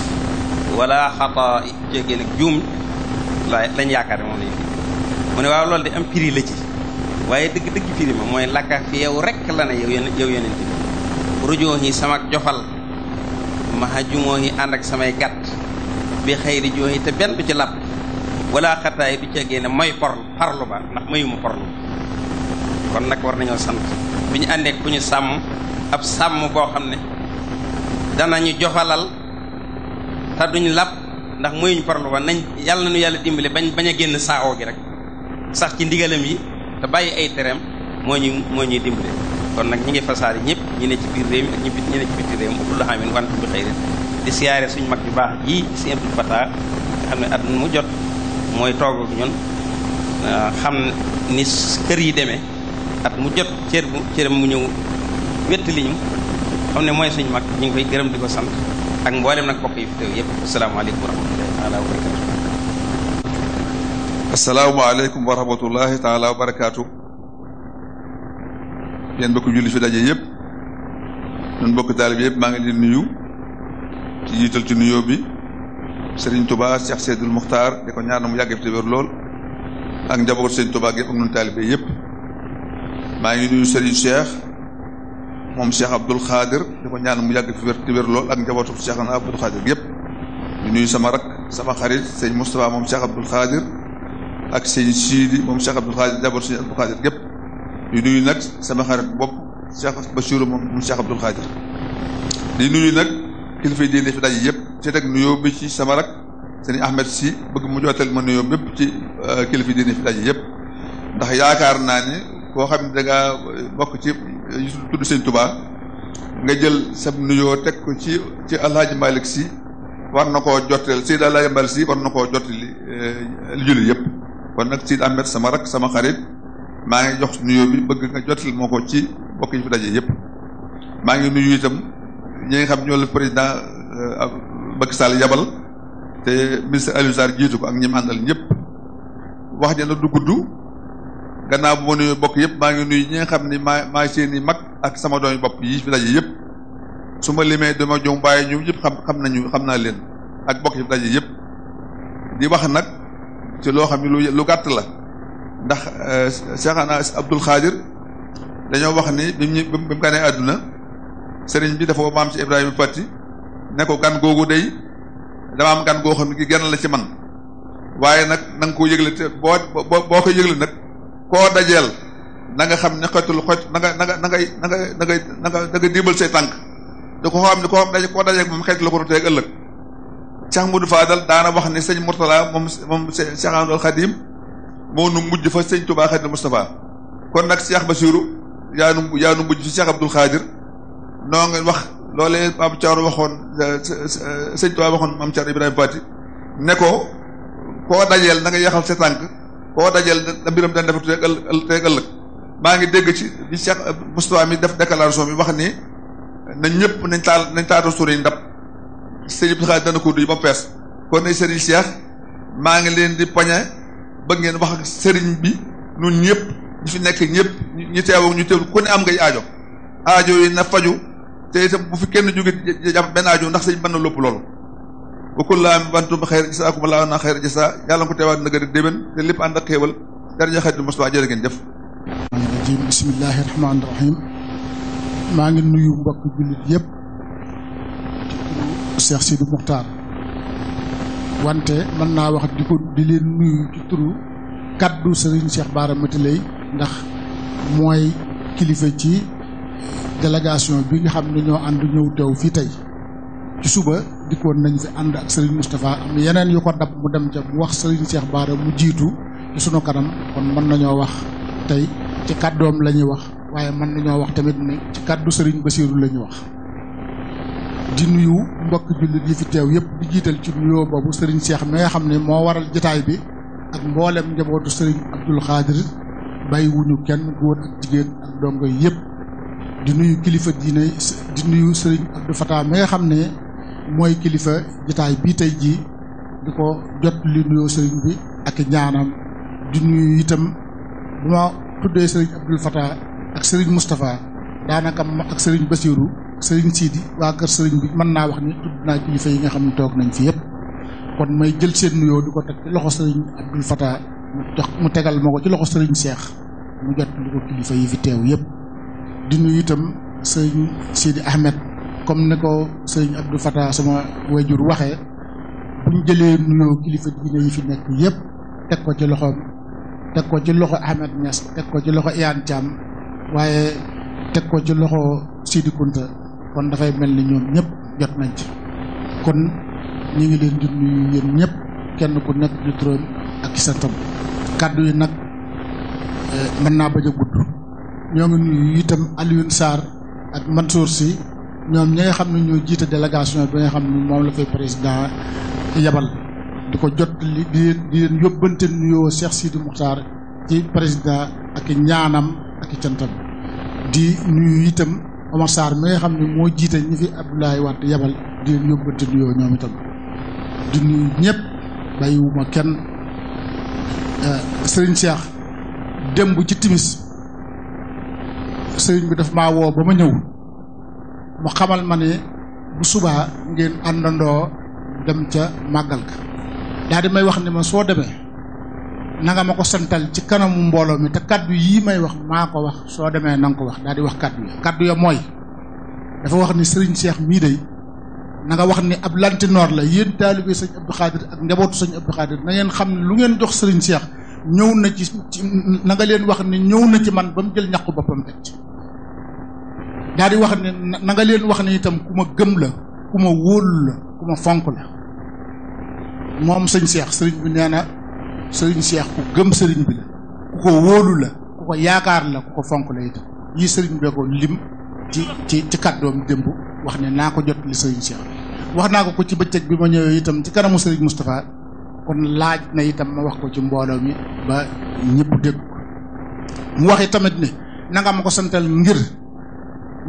[SPEAKER 4] wala xataa jóge nag juum la lañ yaakaar moom lañ fi mu ne waaw loolu de am prix la ci waaye dëgg dëgg prix ma mooy lakka fi yow rek la ne yow yow yonent bi rujoo yi sama jofal maxa jumoo yi ànd ak samay gàtt bi xayri joxe te benn du ci làpp wala xataa yi du jóge ne mooy por parlu ba ndax mayuma porlu kon nag war nañoo sant bu ñu àndeek ku ñu sàmm ab sàmm boo xam ne ñu joxalal te duñ làpp ndax muyuñ parlu ba nañ yàlla nu yàlla dimbale bañ bañ a génn saawoo gi rek sax ci ndigalam yi te bàyyi ay tereem moo ñu moo ñuy dimbale kon nag ñu ngi fasaari ñëpp ñi ne ci biir réew mi ak ñi ñi ne ci bitti réew mi kullu xamin wantu bi xëy di siyaare suñ mag yu baax yii si Abdou Fatah nga xam ne at mu jot mooy toog ak ñun ah, xam ni kër yi demee at mu jot cër mu ñëw wettali xam ne mooy suñ mag ñu ngi koy gërëm di ko sant ak mboolem nag bokk yi fi teew yëpp
[SPEAKER 5] asalaamaaleykum wa rahmatullahi taala wa barakaatu asalaamaaleykum wa rahmatullahi taala wa barakaatu yéen bokk julli fi daje yëpp ñun bokk taalib yëpp maa ngi leen nuyu ci jiital ci nuyoo bi Serigne Touba Cheikh Seydul Muxtaar di ko ñaan mu yàgg fi te wér lool ak njaboot Serigne Touba gépp ak ñun taalibe yëpp maa ngi nuyu Serigne Cheikh moom Cheikh Abdoul Khadir di ko ñaan mu yàgg fi wér di lool ak njabootu Cheikh Abdoul Khadir yëpp di nuyu sama rak sama xarit sëñ Moustapha moom Cheikh Abdoul Khadir ak sëñ Sidi moom Cheikh Abdoul Khadir njabootu sëñ Abdoul Khadir yëpp nuyu nag sama xarit bopp Cheikh Bachirou moom Cheikh Abdoul Khadir di nuyu nag kilifa yi diine fi daje yëpp ci bi ci sama rak sëñ Ahmed si bëgg mu jootal ma nuyoo bépp ci euh, kilifa yi diine fi ndax yaakaar naa ni koo xam ne bokk ci yu tudd sëñ Touba nga jël sab nuyoo teg ko ci ci alhaaji Malick si war na ko jotteel Seydi alhaaji Malick si war na koo jottali eh, li jullit yëpp kon nag Seydi Ahmed sama rak sama xarit maa ngi jox nuyoo bi bëgg nga jottali moo ko ci bokk yi fi daje yëpp maa ngi nuyu itam ñi xam ñool président eh, Macky Sall yabal te ministre Alioune jiitu ko ak ñi mu àndal ñëpp wax ja na du gudd gannaaw bu ma nuyu bokk yëpp maa ngi nuyu ñi xam ni maa maa seeni mag ak sama doomi bopp yi fi daje yëpp su ma limee dama jom waaye ñu yëpp xam xam nañu xam naa leen ak bokk yi fi daje yëpp di wax nag ci loo xam ne lu lu gàtt la ndax euh, Cheikhana Abdul Xaadir dañoo wax ni bi mu ganee àdduna sëriñ bi dafa maam ci Ibrahima Fati ne ko gan googu day dama am gan goo xam ne gi genn la ci man waaye nag na nga koo yëgle te boo boo ko yëgle nag koo dajeel na nga xam ne xetul xoj na nga na nga na ngay ngay na ngay na nga na nga dimbal say tànk te ko xam ne koo xam daje koo dajeeg moom xeet la ko ruteeg ëllëg Cheikh Moudou Fadal daana wax ne sëñ Mourtala moom moom Cheikh Amadou Khadim moo nu mujj fa sëñ Touba Khadim Moustapha kon nag Cheikh Bassirou yaa nu yaa nu mujj fi Cheikh Abdoul Khadir noo ngi wax loolee Pape Thior waxoon eh, eh, sëñ Touba waxoon Mame Thior Ibrahima Fati ne ko koo dajeel na nga yaxal sa tànk boo dajal da mbiram daan defatu teeg ëllëg maa ngi dégg ci bi Cheikh Moustapha mi def déclaration bi wax ni nañ ñëpp nañ taal nañ taatu suur yi ndab sëriñ bi xaalis ko duy ba pees kon ay sëriñ Cheikh maa ngi leen di poñe bëgg ngeen wax ak sëriñ bi ñun ñëpp ñu fi nekk ñëpp ñu teew ñu teew ku ne am ngay aajo aajo yi na faju te bu fi kenn jóge jàpp benn aajo ndax sëñ mën na lópp loolu ba kulli aam bantum xayra jasa akum laa jasa yàlla ko teewaat nagari déwén te lépp ànd ak xéewal jërëjëf xarit Moussa jërë ngeen
[SPEAKER 6] ngi nuyu mbokk jullit yëpp ci wante mën naa wax di ko di leen nuyu ci turu kaddu Serigne Cheikh Bara Matiley ndax mooy kilifa ci délégation bi nga xam ne ñoo ànd ñëw teew fii tey ci suba. dikkoon nañ fi ànd ak Serigne Moustapha am yeneen yu ko dab mu dem ca mu wax Serigne Cheikh Bara mu jiitu ci kanam kon mën nañoo wax tey ci kàddoom la wax waaye mën nañoo wax tamit ne kàddu Serigne Bassirou la wax. di nuyu mbokk jullit yi fi teew yëpp di jiital ci nuyoo boobu Serigne Cheikh mi nga xam ne moo waral jotaay bi ak mboolem njabootu Serigne Abdoul Khadir bàyyi wuñu kenn góor ak jigéen ak dongo yëpp. di nuyu kilifa diine di nuyu Serigne Abdou Fatah mi nga xam ne mooy kilifa jitaay bii tey jii di ko jot li nuyoo sëriñ bi ak ñaanam di nuyu itam bu ma tuddee sëriñ Abdul Fatah ak sëriñ Moustapha daanaka ak sëriñ Basiiru sëriñ Siidi waa kër sëriñ bi mën naa wax ni tudd naa kilifa yi nga xam ne toog nañ fi yëpp kon mooy jël seen nuyoo di ko teg ci loxo sëriñ Abdul Fatah mu tegal ma ko ci loxo sëriñ Seex mu jot li ko kilifa yi fi teew yëpp di nuyu itam sëriñ Siidi Ahmed. comme ni ko sëñ Abdou Fatah sama wayjur waxee buñ jëlee nuyoo kilifa diine yi fi nekk yëpp teg ko ci loxoom teg ko ci loxo Ahmed Niass teg ko ci loxo Iyane Thiam waaye teg ko ci loxo Sidi kon dafay mel ni ñoom ñëpp jot nañ ci kon ñu ngi leen di nuyu yéen ñëpp kenn ku nekk di turam ak santam kàddu yi nag eh, mën naa bañ a gudd ñoo ngi nuyu itam Alioune Sarr ak Mansour si ñoom ñi nga xam ne ñoo jiite délégation bi nga xam ne moom la fay président yabal di ko jot li di leen di leen yóbbante nuyoo Cheikh Sidi Moukhtar ci président ak ñaanam ak cantam di nuyu itam Omar Sarr mi nga xam ne moo jiite ñi fi Abdoulaye Wade yabal di leen yóbbante nuyoo ñoom itam di nuyu ñëpp bàyyiwuma kenn eh, Serigne Cheikh démb ci timis sëriñ bi daf maa woo ba ma ñëw mu xamal ma ne bu subaa ngeen àndandoo dem ca màggal ga daal di may wax ni ma soo demee na ma ko santal ci kanamu mbooloo mi te kaddu yii may wax maa ko wax soo demee na nga ko wax daal di wax kaddu ya kàddu ya mooy dafa wax ni Serigne seex mii day nanga wax ni ab lantinoor la yéen taalibe sëñ Abdou Khadir ak njabootu sëñ Abdou Khadir na ngeen xam ne lu ngeen jox Serigne seex ñëw na ci nanga leen wax ni ñëw na ci man ba mu jël ñàqu boppam teg daal di wax ne na nga leen wax ne itam ku ma gëm la ku ma wóolu la ku ma fonk la moom sëñ Cheikh sëriñ bi nee na sëriñ Cheikh ku gëm sëriñ bi la ku ko wóolu la ku ko yaakaar la ku ko fonk la itam yii sëriñ bee ko lim ci ci ci kàddoom wax ne naa ko jot li wax naa ko ko ci bëccëg bi ma ñëwee itam ci kanamu sëriñ Moustapha kon laaj na itam ma wax ko ci mbooloo mi ba ñëpp dégg ko mu waxi tamit ne nanga ma ko santal ngir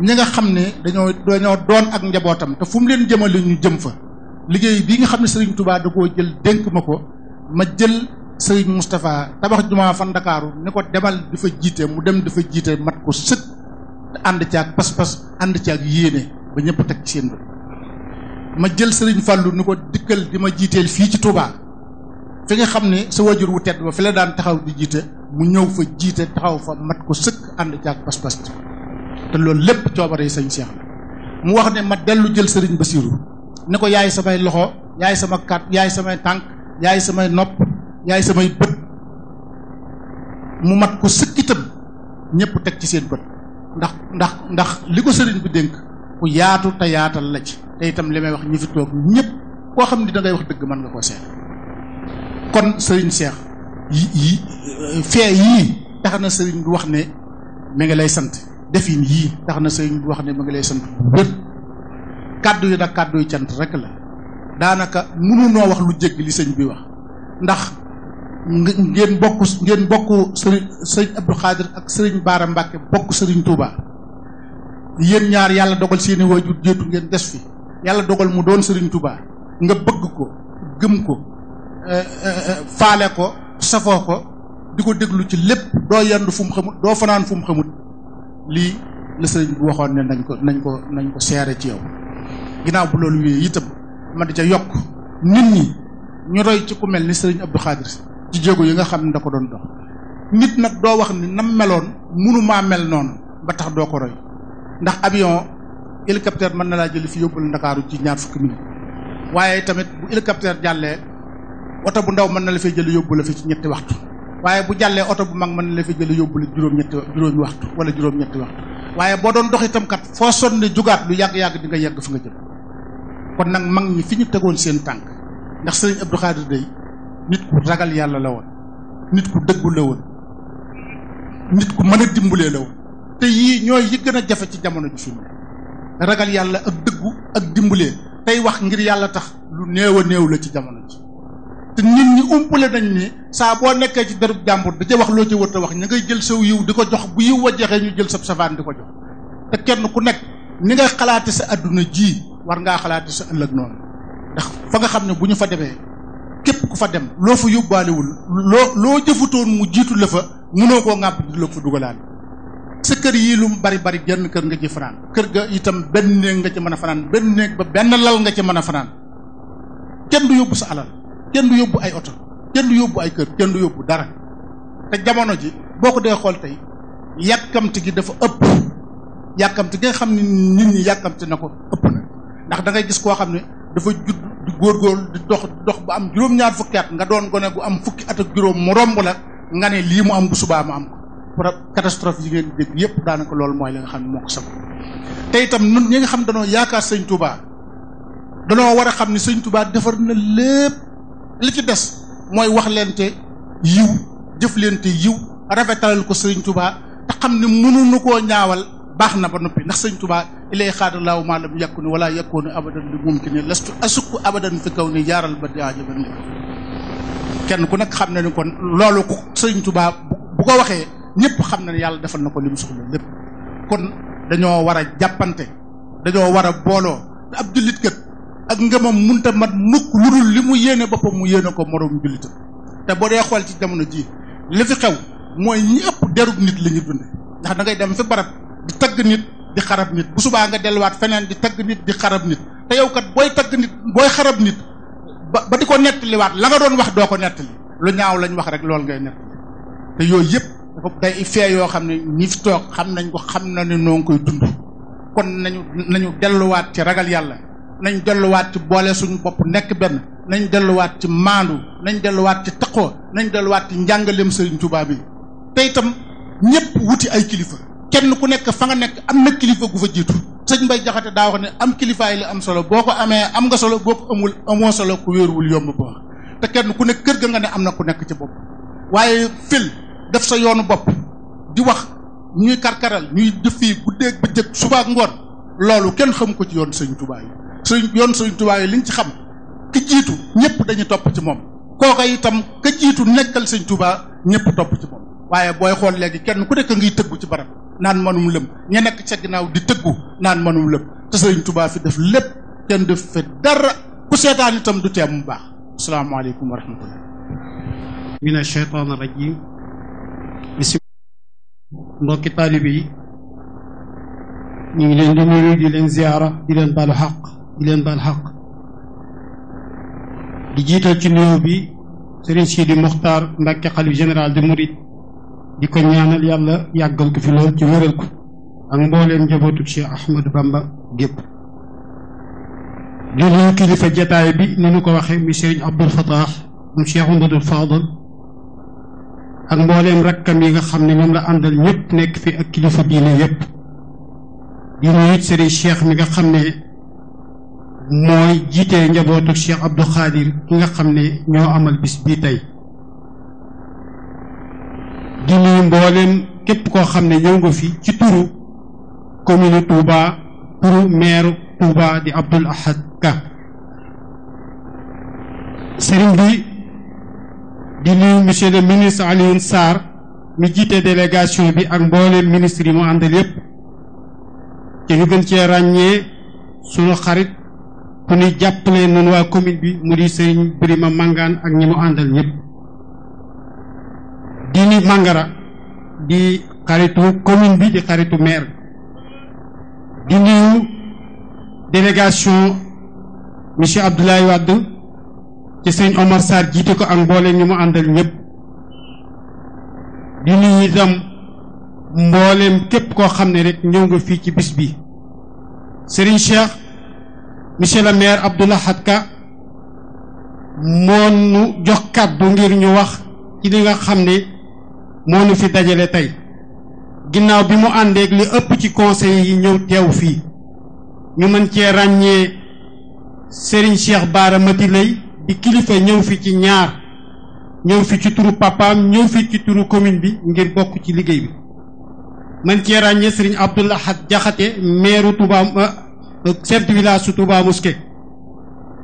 [SPEAKER 6] ñi nga xam ne dañoo dañoo doon ak njabootam te fu mu leen jëmale ñu jëm fa liggéey bii nga xam ne Serigne Touba da koo jël dénk ma ko ma jël Serigne Moustapha tabax jumaa fan Ndakaaru ni ko demal di jiite mu dem di fa mat ko sëkk ànd ci ak pas ànd ci ak yéene ñëpp teg ci ma jël Serigne Fallou ni ko dikkal di ma jiiteel fii ci Touba fi nga xam ne sa wajur wu tedd ba fi la daan taxaw di jiite mu ñëw fa jiite taxaw fa mat ko sëkk ànd ci ak pas-pas. te loolu lépp coobare yi sëñ Cheikh la mu wax ne ma dellu jël sëriñ Basiiru ne ko yaay samay loxo yaay sama kat yaay samay tànk yaay samay nopp yaay samay bët mu mat ko sëkkitam ñëpp teg ci seen bët ndax ndax ndax li ko sëriñ bi dénk ku yaatu te yaatal la ci te itam li may wax ñi fi toog ñëpp koo xam ni da ngay wax dëgg mën nga koo seet kon sëriñ Cheikh yi fee yii tax na sëriñ bi wax ne mi ngi lay sant defin yii tax na sëriñ bi wax ne mu ngi lay sant bu wér kàddu yi nag kàddu yu rek la daanaka mënunoo wax lu jégg li sëñ bi wax ndax ngeen bokk ngeen bokk sëriñ sëriñ Abdou Khadir ak sëriñ Baara Mbàkke bokk sëriñ Touba yéen ñaar yàlla dogal seeni waajur jiitu ngeen des fi yàlla dogal mu doon sëriñ Touba nga bëgg ko gëm ko euh, euh, faale ko safoo ko di ko déglu ci lépp doo yenn fu xamut doo fanaan fum mu xamut lii la sëriñ bu waxoon ne nañ ko nañ ko nañ ko seere ci yow ginnaaw bu loolu wéyee itam ma di ca yokk nit ñi ñu roy ci ku mel ni sëriñ Abdou Khadir ci jéego yi nga xam ne da ko doon dox nit nag doo wax ni nam meloon mënumaa mel noonu ba tax doo ko roy ndax avion hélicoptère mën na laa jëli fi yóbbu Ndakaaru ci ñaar fukki minutes waaye tamit bu hélicoptère jàllee oto bu ndaw mën na la fay jëli yóbbu la fi ci ñetti waxtu waaye bu jàllee oto bu mag mën na la fi jële yóbbu la juróom-ñetti juróomi waxtu wala juróom-ñetti waxtu waaye boo doon dox itam kat foo sonn jugaat lu yàgg-yàgg di yàgg yegg fi nga jëm kon nag mag ñi fi ñu tegoon seen tànk ndax sëriñ Abdou Khadir day nit ku ragal yàlla la woon nit ku dëggu la woon nit ku mën a dimbulee la woon te yii ñooy yi gën jafe ci jamono ji fi mu ragal yàlla ak dëggu ak dimbulee tey wax ngir yàlla tax lu néew a néew la ci jamono ji te nit ñi umpale nañ ni saa boo nekkee ci dërëb jàmbur da ca wax loo ci wër te wax ña ngay jël saw yiw di ko jox bu yiw wa jeexee ñu jël sab safaan di ko jox te kenn ku nekk ni ngay xalaate sa àdduna ji war ngaa xalaate sa ëllëg noonu ndax fa nga xam ne bu ñu fa demee képp ku fa dem loo fa yóbbaalewul loo loo jëfutoon mu jiitu la fa mënoo koo ŋàpp di la fa dugalaale sa kër yii lu mu bari bari genn kër nga ci fanaan kër ga itam benn néeg nga ci mën a fanaan benn néeg ba benn lal nga ci mën a fanaan kenn du yóbbu sa alal kenn du yóbbu ay oto kenn du yóbbu ay kër kenn du yóbbu dara te jamono ji boo ko dee xool tey yàkkamti gi dafa ëpp yàkkamti gi nga xam ne nit ñi yàkkamti na ko ëpp na ndax da ngay gis koo xam ne dafa judd di góor di dox dox ba am juróom-ñaar fukki at nga doon gone gu am fukki at ak juróom mu romb la nga ne lii mu am bu subaa mu am ko catastrophe yi ngeen dégg yépp daanaka loolu mooy la nga xam ne moo ko sabab te itam nun ñi nga xam danoo yaakaar sëñ Touba danoo war a xam ne li ci des mooy wax leente yiw jëf leente yiw rafetalal ko sëriñ tubaa te xam ne mënuñu koo ñaawal baax na ba noppi ndax sëriñ tubaa ilay xaadalaahu maa lam yakku ni wala yakkoonu abadan li mumkin lastu asukku abadan fi kaw ni yaaral ba diajaban li kenn ku nekk xam na ni kon loolu ko sëriñ tubaa bu ko waxee ñëpp xam na yàlla defal na ko li mu soxla lépp kon dañoo war a jàppante dañoo war a booloo te ab jullit kat ak mun munta mat mukk lu dul li mu yéene boppam mu yéene ko moroom jullitam te boo dee xool ci jamono jii li fi xew mooy ñi ëpp nit la ñu dund ndax da ngay dem fi barab di tagg nit di xarab nit bu subaa nga delluwaat feneen di tagg nit di xarab nit te yow kat booy tagg nit booy xarab nit ba ba di ko nettaliwaat la nga doon wax doo ko nettali lu ñaaw lañ wax rek loolu ngay nettali te yooyu yëpp dafa day fee yoo xam ne ñi fi toog xam nañ ko xam na ne noo ngi dund kon nañu nañu delluwaat ci ragal yàlla nañu delluwaat ci boole suñu bopp nekk benn nañu delluwaat ci maandu nañ delluwaat ci taqoo nañ delluwaat ci njàngaleem Serigne Touba bi tey itam ñëpp wuti ay kilifa kenn ku nekk fa nga nekk am na kilifa gu fa jiitu sëñ Mbay Jaxate daa ne am kilifaay la am solo boo ko amee am nga solo boo ko amul amoo solo ku wéeruwul yomb ba te kenn ku nekk kër ga nga ne am na ku nekk ci bopp waaye fil def sa yoonu bopp di wax ñuy karkaral ñuy def fii guddeeg bëccëg suba ngoon loolu kenn xamu ko ci yoon Sëñ Touba suñ yoon suñ Tuubaa yi liñ ci xam ki jiitu ñëpp dañuy topp ci moom kooka itam ka jiitu nekkal sëñ Tuubaa ñëpp topp ci moom waaye booy xool léegi kenn ku nekk ngiy tëggu ci barab naan manum lëm ña nekk ca ginnaaw di tëggu naan manum lëm te sëñ Tuubaa fi def lépp kenn def fi dara ku seetaan itam du teem mu baax asalaamaaleykum wa rahmatullah
[SPEAKER 7] min ashaytaan rajim bisi mbokki taalibe yi ñu ngi leen di nuyu di leen ziyaara di leen baalu xaq di leen baal xaq di jiital ci nuyoo bi sëriñ Sidi Mokhtar Mbacke xalif général de Mouride di ko ñaanal yàlla yàggal ko fi lool ci wéral ko ak mbooleem njabootu Cheikh Ahmadou Bamba gépp di nuyu kilifa jataay bi ni ñu ko waxee mi sëriñ Abdoul Fatah mu Cheikh Umadou Fadal ak mbooleem rakkam yi nga xam ne ñoom la àndal ñëpp nekk fi ak kilifa diine yëpp di nuyu sëriñ Cheikh mi nga xam ne mooy jiite njabootu Cheikh Abdou Khadir ki nga xam ne ñoo amal bis bii tey di nuyu mboolem képp koo xam ne ñëw nga fi ci turu commune Touba turu maire Touba di Abdoul Ahad Ka sëriñ bi di nuyu monsieur le ministre Alioune Sarr mi jiite délégation bi ak mboolem ministre yi mu àndal yépp ci ñu gën cee ràññee sunu xarit ku ñu jàppale noonu waa commune bi mu di sëriñ Birima Mangane ak ñi mu àndal ñëpp Dini Mangara di xaritu commune bi di xaritu maire di nuyu délégation monsieur Abdoulaye Wade ci sëñ Omar jiite ko ak mboole ñu mu àndal ñëpp di nuyu itam mbooleem képp koo xam ne rek ñëw nga fii ci bis bi Serigne Cheikh monsieur le maire Abdou Lahad Ka moo nu jox kàddu ngir ñu wax ci li nga xam ne moo nu fi dajale tey ginnaaw bi mu àndeeg li ëpp ci conseil yi ñëw teew fii ñu mën cee ràññee Serigne Cheikh Bara lay di kilifa ñëw fi ci ñaar ñëw fi ci turu papaam ñëw fi ci turu commune bi ngir bokk ci liggéey bi mën cee ràññee Serigne Abdou Jaxate maire Touba euh, chef du village su Touba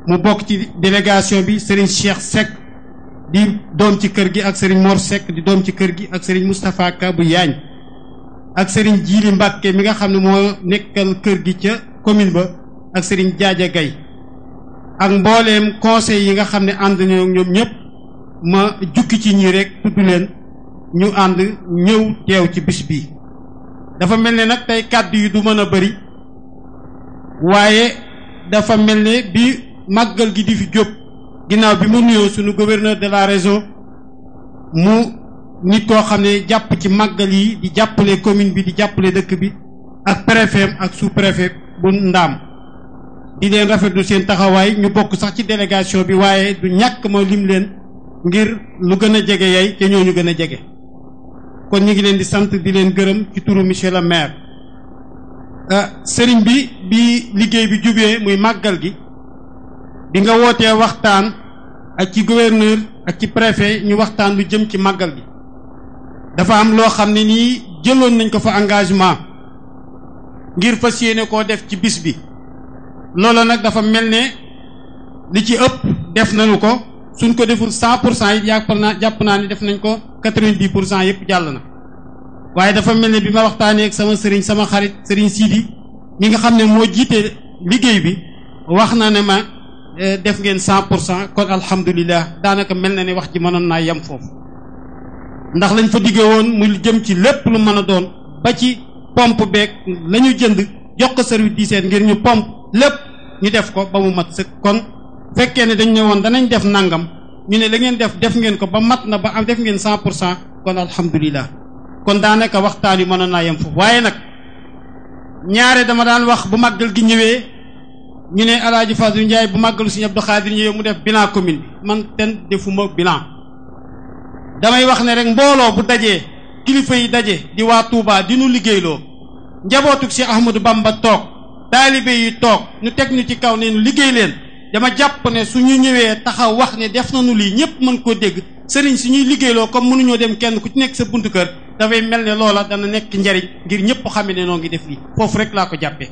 [SPEAKER 7] mu bokk ci délégation bi Serigne Cheikh Seck di doom ci kër gi ak Serigne Mor Seck di doom ci kër gi ak Serigne Moustapha Ka bu Yaañ ak Serigne Jili Mbàkke mi nga xam ne moo nekkal kër gi ca commune ba ak Serigne Jaaja ak mbooleem conseil yi nga xam ne ànd nañoo ñoom ñëpp ma jukki ci ñi rek leen ñu ànd ñëw teew ci bis bi dafa mel ne nag tey kàddu yi du mën a waaye dafa mel ne bi màggal gi di fi jóg ginnaaw bi mu nuyoo suñu gouverneur de la région mu nit koo xam ne jàpp ci màggal yi di jàppale commune bi di jàppale dëkk bi ak préfet ak sous préfet bu ndaam di leen rafetlu seen taxawaay ñu bokk sax ci délégation bi waaye du ñàkk ma lim leen ngir lu gën a jege yay te ñooñu gën a jege kon ñu ngi leen di sant di leen gërëm ci turu monsieur le maire Euh, sëriñ bi bi liggéey bi jubee muy màggal gi bi nga wootee waxtaan ak ci gouverneur ak ci préfet ñu waxtaan lu jëm ci màggal gi dafa am loo xam ne nii jëloon nañ ko fa engagement ngir fas yéene koo def ci bis bi loolu nag dafa mel ne li ci ëpp def nañu ko suñ ko deful cent pour cent yi jàpp naa ne def nañ ko quatre vingt pour cent yëpp jàll na waaye dafa mel ne bi ma waxtaanee ak sama sëriñ sama xarit sëriñ Sidi mi nga xam ne moo jiite liggéey bi wax na ne ma eh, def ngeen cent pour cent kon alhamdulilah daanaka mel na ne wax ji mënoon naa yem foofu ndax lañ fa diggee woon mu jëm ci lépp mën a doon ba ci pompe beeg la jënd jox ko service di seet ngir ñu lépp ñu def ko ba mu mat sëkk kon fekkee ne dañ ne woon danañ def nangam ñu ne la ngeen def def ngeen ko ba mat na ba am def ngeen cent pour cent kon alhamdulilah kon daanaka waxtaan wi mënoon naa yem foofu waaye nag ñaare dama daan wax bu màggal gi ñëwee ñu ne El Hadj Fatou Ndiaye bu màggalu si Abdou Khadir ñëwee mu def bilan commune bi man ten defuma bilan. damay wax ne rek mbooloo bu dajee kilifa yi daje di waa Touba di nu liggéeyloo njabootug si Ahmadou Bamba toog taalibe yi toog ñu teg ñu ci kaw ne ñu liggéey leen. dama jàpp ne ñu ñëwee taxaw wax ne def nañu lii ñëpp mën koo dégg sëriñ si ñuy liggéeyloo comme mënuñoo dem kenn ku ci nekk sa bunt kër dafay mel ne loola dana nekk njariñ ngir ñëpp xame ne noo ngi def lii foofu rek laa ko jàppee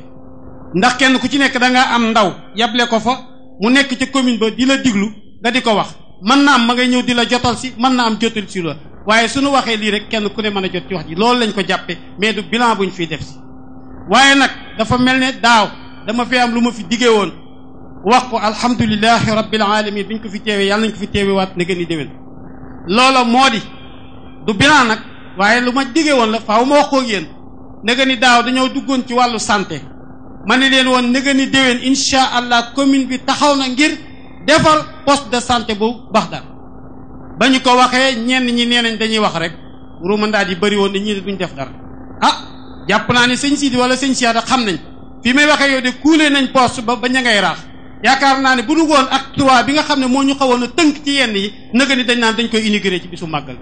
[SPEAKER 7] ndax kenn ku ci nekk da ngaa am ndaw yable ko fa mu nekk ca commune ba di la diglu nga di ko wax mën naa am ma ngay ñëw di la jotal si mën na am jotal si la waaye suñu waxee lii rek kenn ku ne mën a jot ci wax ji loolu lañ ko jàppee mais du bilan buñ fiy def si waaye nag dafa mel ne daaw dama fi am ma fi woon wax ko alhamdulilahi rabbil alamin bi ñu ko fi teewee yàlla nañ ko fi teewee waat na gën i déwén loola moo di du bilan nag waaye lu ma digee woon la faaw ma wax koog yéen na gën daaw dañoo duggoon ci wàllu santé ma ne leen woon na gën déwén incha allah commune bi taxaw na ngir defar poste de santé bu baax daal ba ñu ko waxee ñenn ñi nee nañ dañuy wax rek ruumandaat yi bëri woon na ñii ne duñ def dara ah jàpp naa ne sëñ Sidi wala sëñ Siada xam nañ fi may waxee yow de kuulee nañ poste ba ba ña ngay yaakaar naa ne bu nu woon ak droit bi nga xam ne moo ñu xawoon a tënk ci yenn yi nëga ni dañ naan dañ koy inauguré ci bisu màggal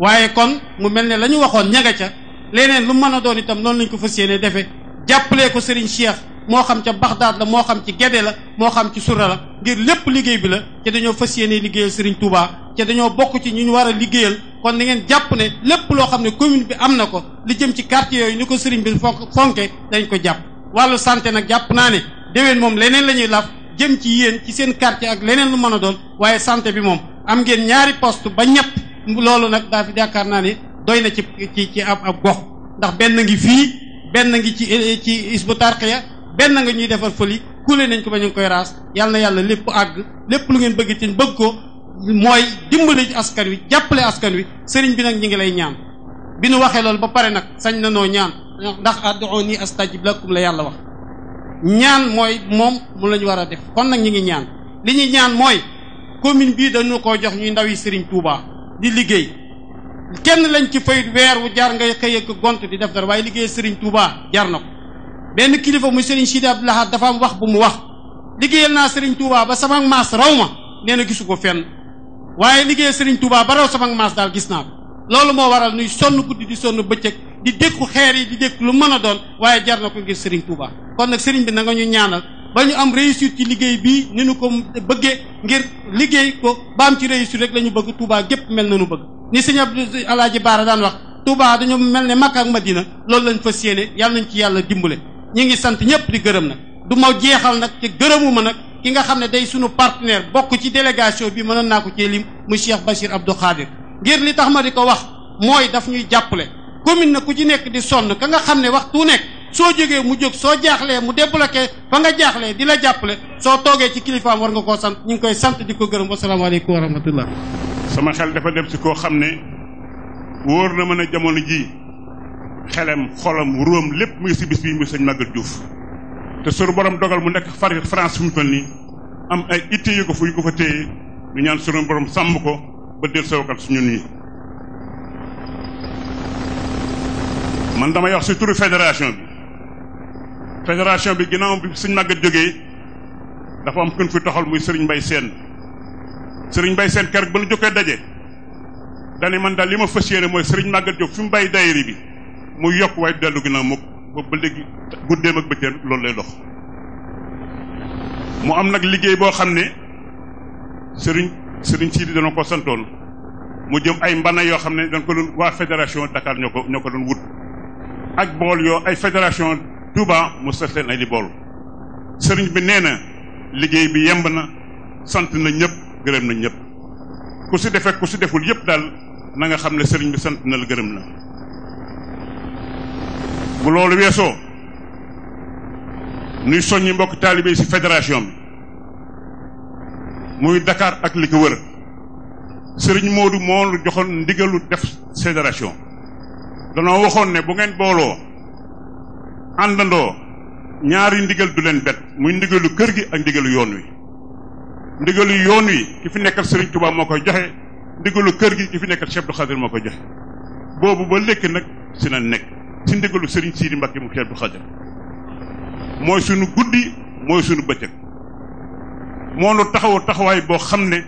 [SPEAKER 7] waaye kon mu mel ne la waxoon ña ca leneen lu mën a doon itam noonu lañ ko fës yéene defee jàppalee ko Serigne Cheikh moo xam ca Baxdaad la moo xam ci Gede la moo xam ci Sura la ngir lépp liggéey bi la ca dañoo fës yéene liggéeyal Serigne Touba ca dañoo bokk ci ñu ñu war a liggéeyal kon na jàpp ne lépp loo xam ne commune bi am na ko li jëm ci quartier yooyu ni ko Serigne bi fonk fonke dañ ko jàpp. wàllu santé nag jàpp naa ne déwén moom leneen la ñuy laf jëm ci yéen ci seen quartier ak leneen lu mën a doon waaye santé bi moom am ngeen ñaari poste ba ñett loolu nag daa fi yaakaar naa ni doy na ci ci ci ab ab gox ndax benn ngi fii benn ngi ci ci isbu tarqiya benn nga ñuy defar fëli kuule nañ ko ba ñu ngi koy raas yàlla na yàlla lépp àgg lépp lu ngeen bëgg te bëgg ko mooy dimbali askan wi jàppale askan wi sëriñ bi nag ñu ngi lay ñaam bi nu waxee loolu ba pare nag sañ na noo ñaan ndax ad'uuni astajib lakum la yàlla wax ñaan mooy moom mu la ñu war a def kon nag ñu ngi ñaan li ñuy ñaan mooy commune bii dañu koo jox ñuy ndaw yi Serigne Touba di liggéey kenn lañ ci fayut weer wu jaar ngay xëy ak gont di def dara waaye liggéey Serigne Touba jar na ko benn kilifa muy Serigne Sidi Abdou Lahad dafa am wax bu mu wax liggéeyal naa Serigne Touba ba sama maas raw ma nee na gisu ko fenn waaye liggéey Serigne Touba ba raw sama maas daal gis naa ko loolu moo waral nuy sonn guddi di sonn bëccëg di dékku xeer yi di dékku lu mën a doon waaye jar na ko ngir Serigne Touba. kon nag sëriñ bi nanga nga ñu ñaanal ba ñu am réussite ci liggéey bii ni ñu ko bëggee ngir liggéey ko ba am ci réussite rekk la ñu bëgg Touba gépp mel na ñu bëgg ni sëñ Alaaji Baara daan wax Touba dañoo mel ne Makka ak Madina loolu lañ fas yéene yàlla nañ ci yàlla dimbale ñu ngi sant ñëpp di gërëm nag du ma jeexal nag te gërëmu ma nag ki nga xam ne day sunu partenaire bokk ci délégation bi mënoon naa ko cee lim mu Cheikh Bachir Abdou Khadir ngir li tax ma di ko wax mooy daf ñuy jàppale commune na ku ci nekk di sonn ka nga xam ne waxtu nekk soo jógee mu jóg soo jaaxlee mu débloqué fa nga jaaxlee di la jàppale soo toogee ci kilifaam war nga koo sant ñu ngi koy sant di ko
[SPEAKER 8] gërëm wasalaamaaleykum wa rahmatullah sama xel dafa dem si koo xam ne wóor na mën a jamono ji xelam xolam róom lépp muy si bis bi muy sëñ Maguette Diouf te suñu borom dogal mu nekk fari France fu mu ni am ay itte yu ko fu yu ko fa téye ñu ñaan suñu borom sàmm ko ba del sookat suñu nii man damay wax si turu fédération bi fédération bi ginnaaw bi suñ màggat jógee dafa am kën fi toxal muy sëriñ mbay seen sëriñ mbay seen keroog ba nu jokkee daje dani man daal li ma fas yéene mooy sëriñ màggat jóg fu mu bàyyi daayiri bi muy yokk waaye dellu ginnaaw mukk boobu ba léegi guddeem ak bëccëg loolu lay dox mu am nag liggéey boo xam ne sëriñ sëriñ Sidi dana ko santoon mu jëm ay mbana yoo xam ne dañ ko doon waa fédération Dakar ñoo ko ñoo ko doon wut ak bool yoo ay fédération Touba mu sës leen ay di bool sëriñ bi nee na liggéey bi yemb na sant na ñëpp gërëm na ñëpp ku si defee ku si deful yëpp daal na xam ne sëriñ bi sant na gërëm na bu loolu weesoo nuy soññi mbokk taalibe yi si muy Dakar ak li ko wër sëriñ Modou moo lu joxoon ndigalu def fédération danoo waxoon ne bu ngeen booloo àndandoo ñaari ndigal du leen bet muy ndigalu kër gi ak ndigalu yoon wi ndigalu yoon wi ki fi nekkal sëriñ Touba moo koy joxe ndigalu kër gi ki fi nekkal Cheikh Abdou Khadir moo koy joxe boobu ba lékk nag si na nekk si ndigalu sii Sidi Mbacke mu Cheikh Abdou Khadir mooy sunu guddi mooy sunu bëccëg moo nu taxawu taxawaay boo xam ne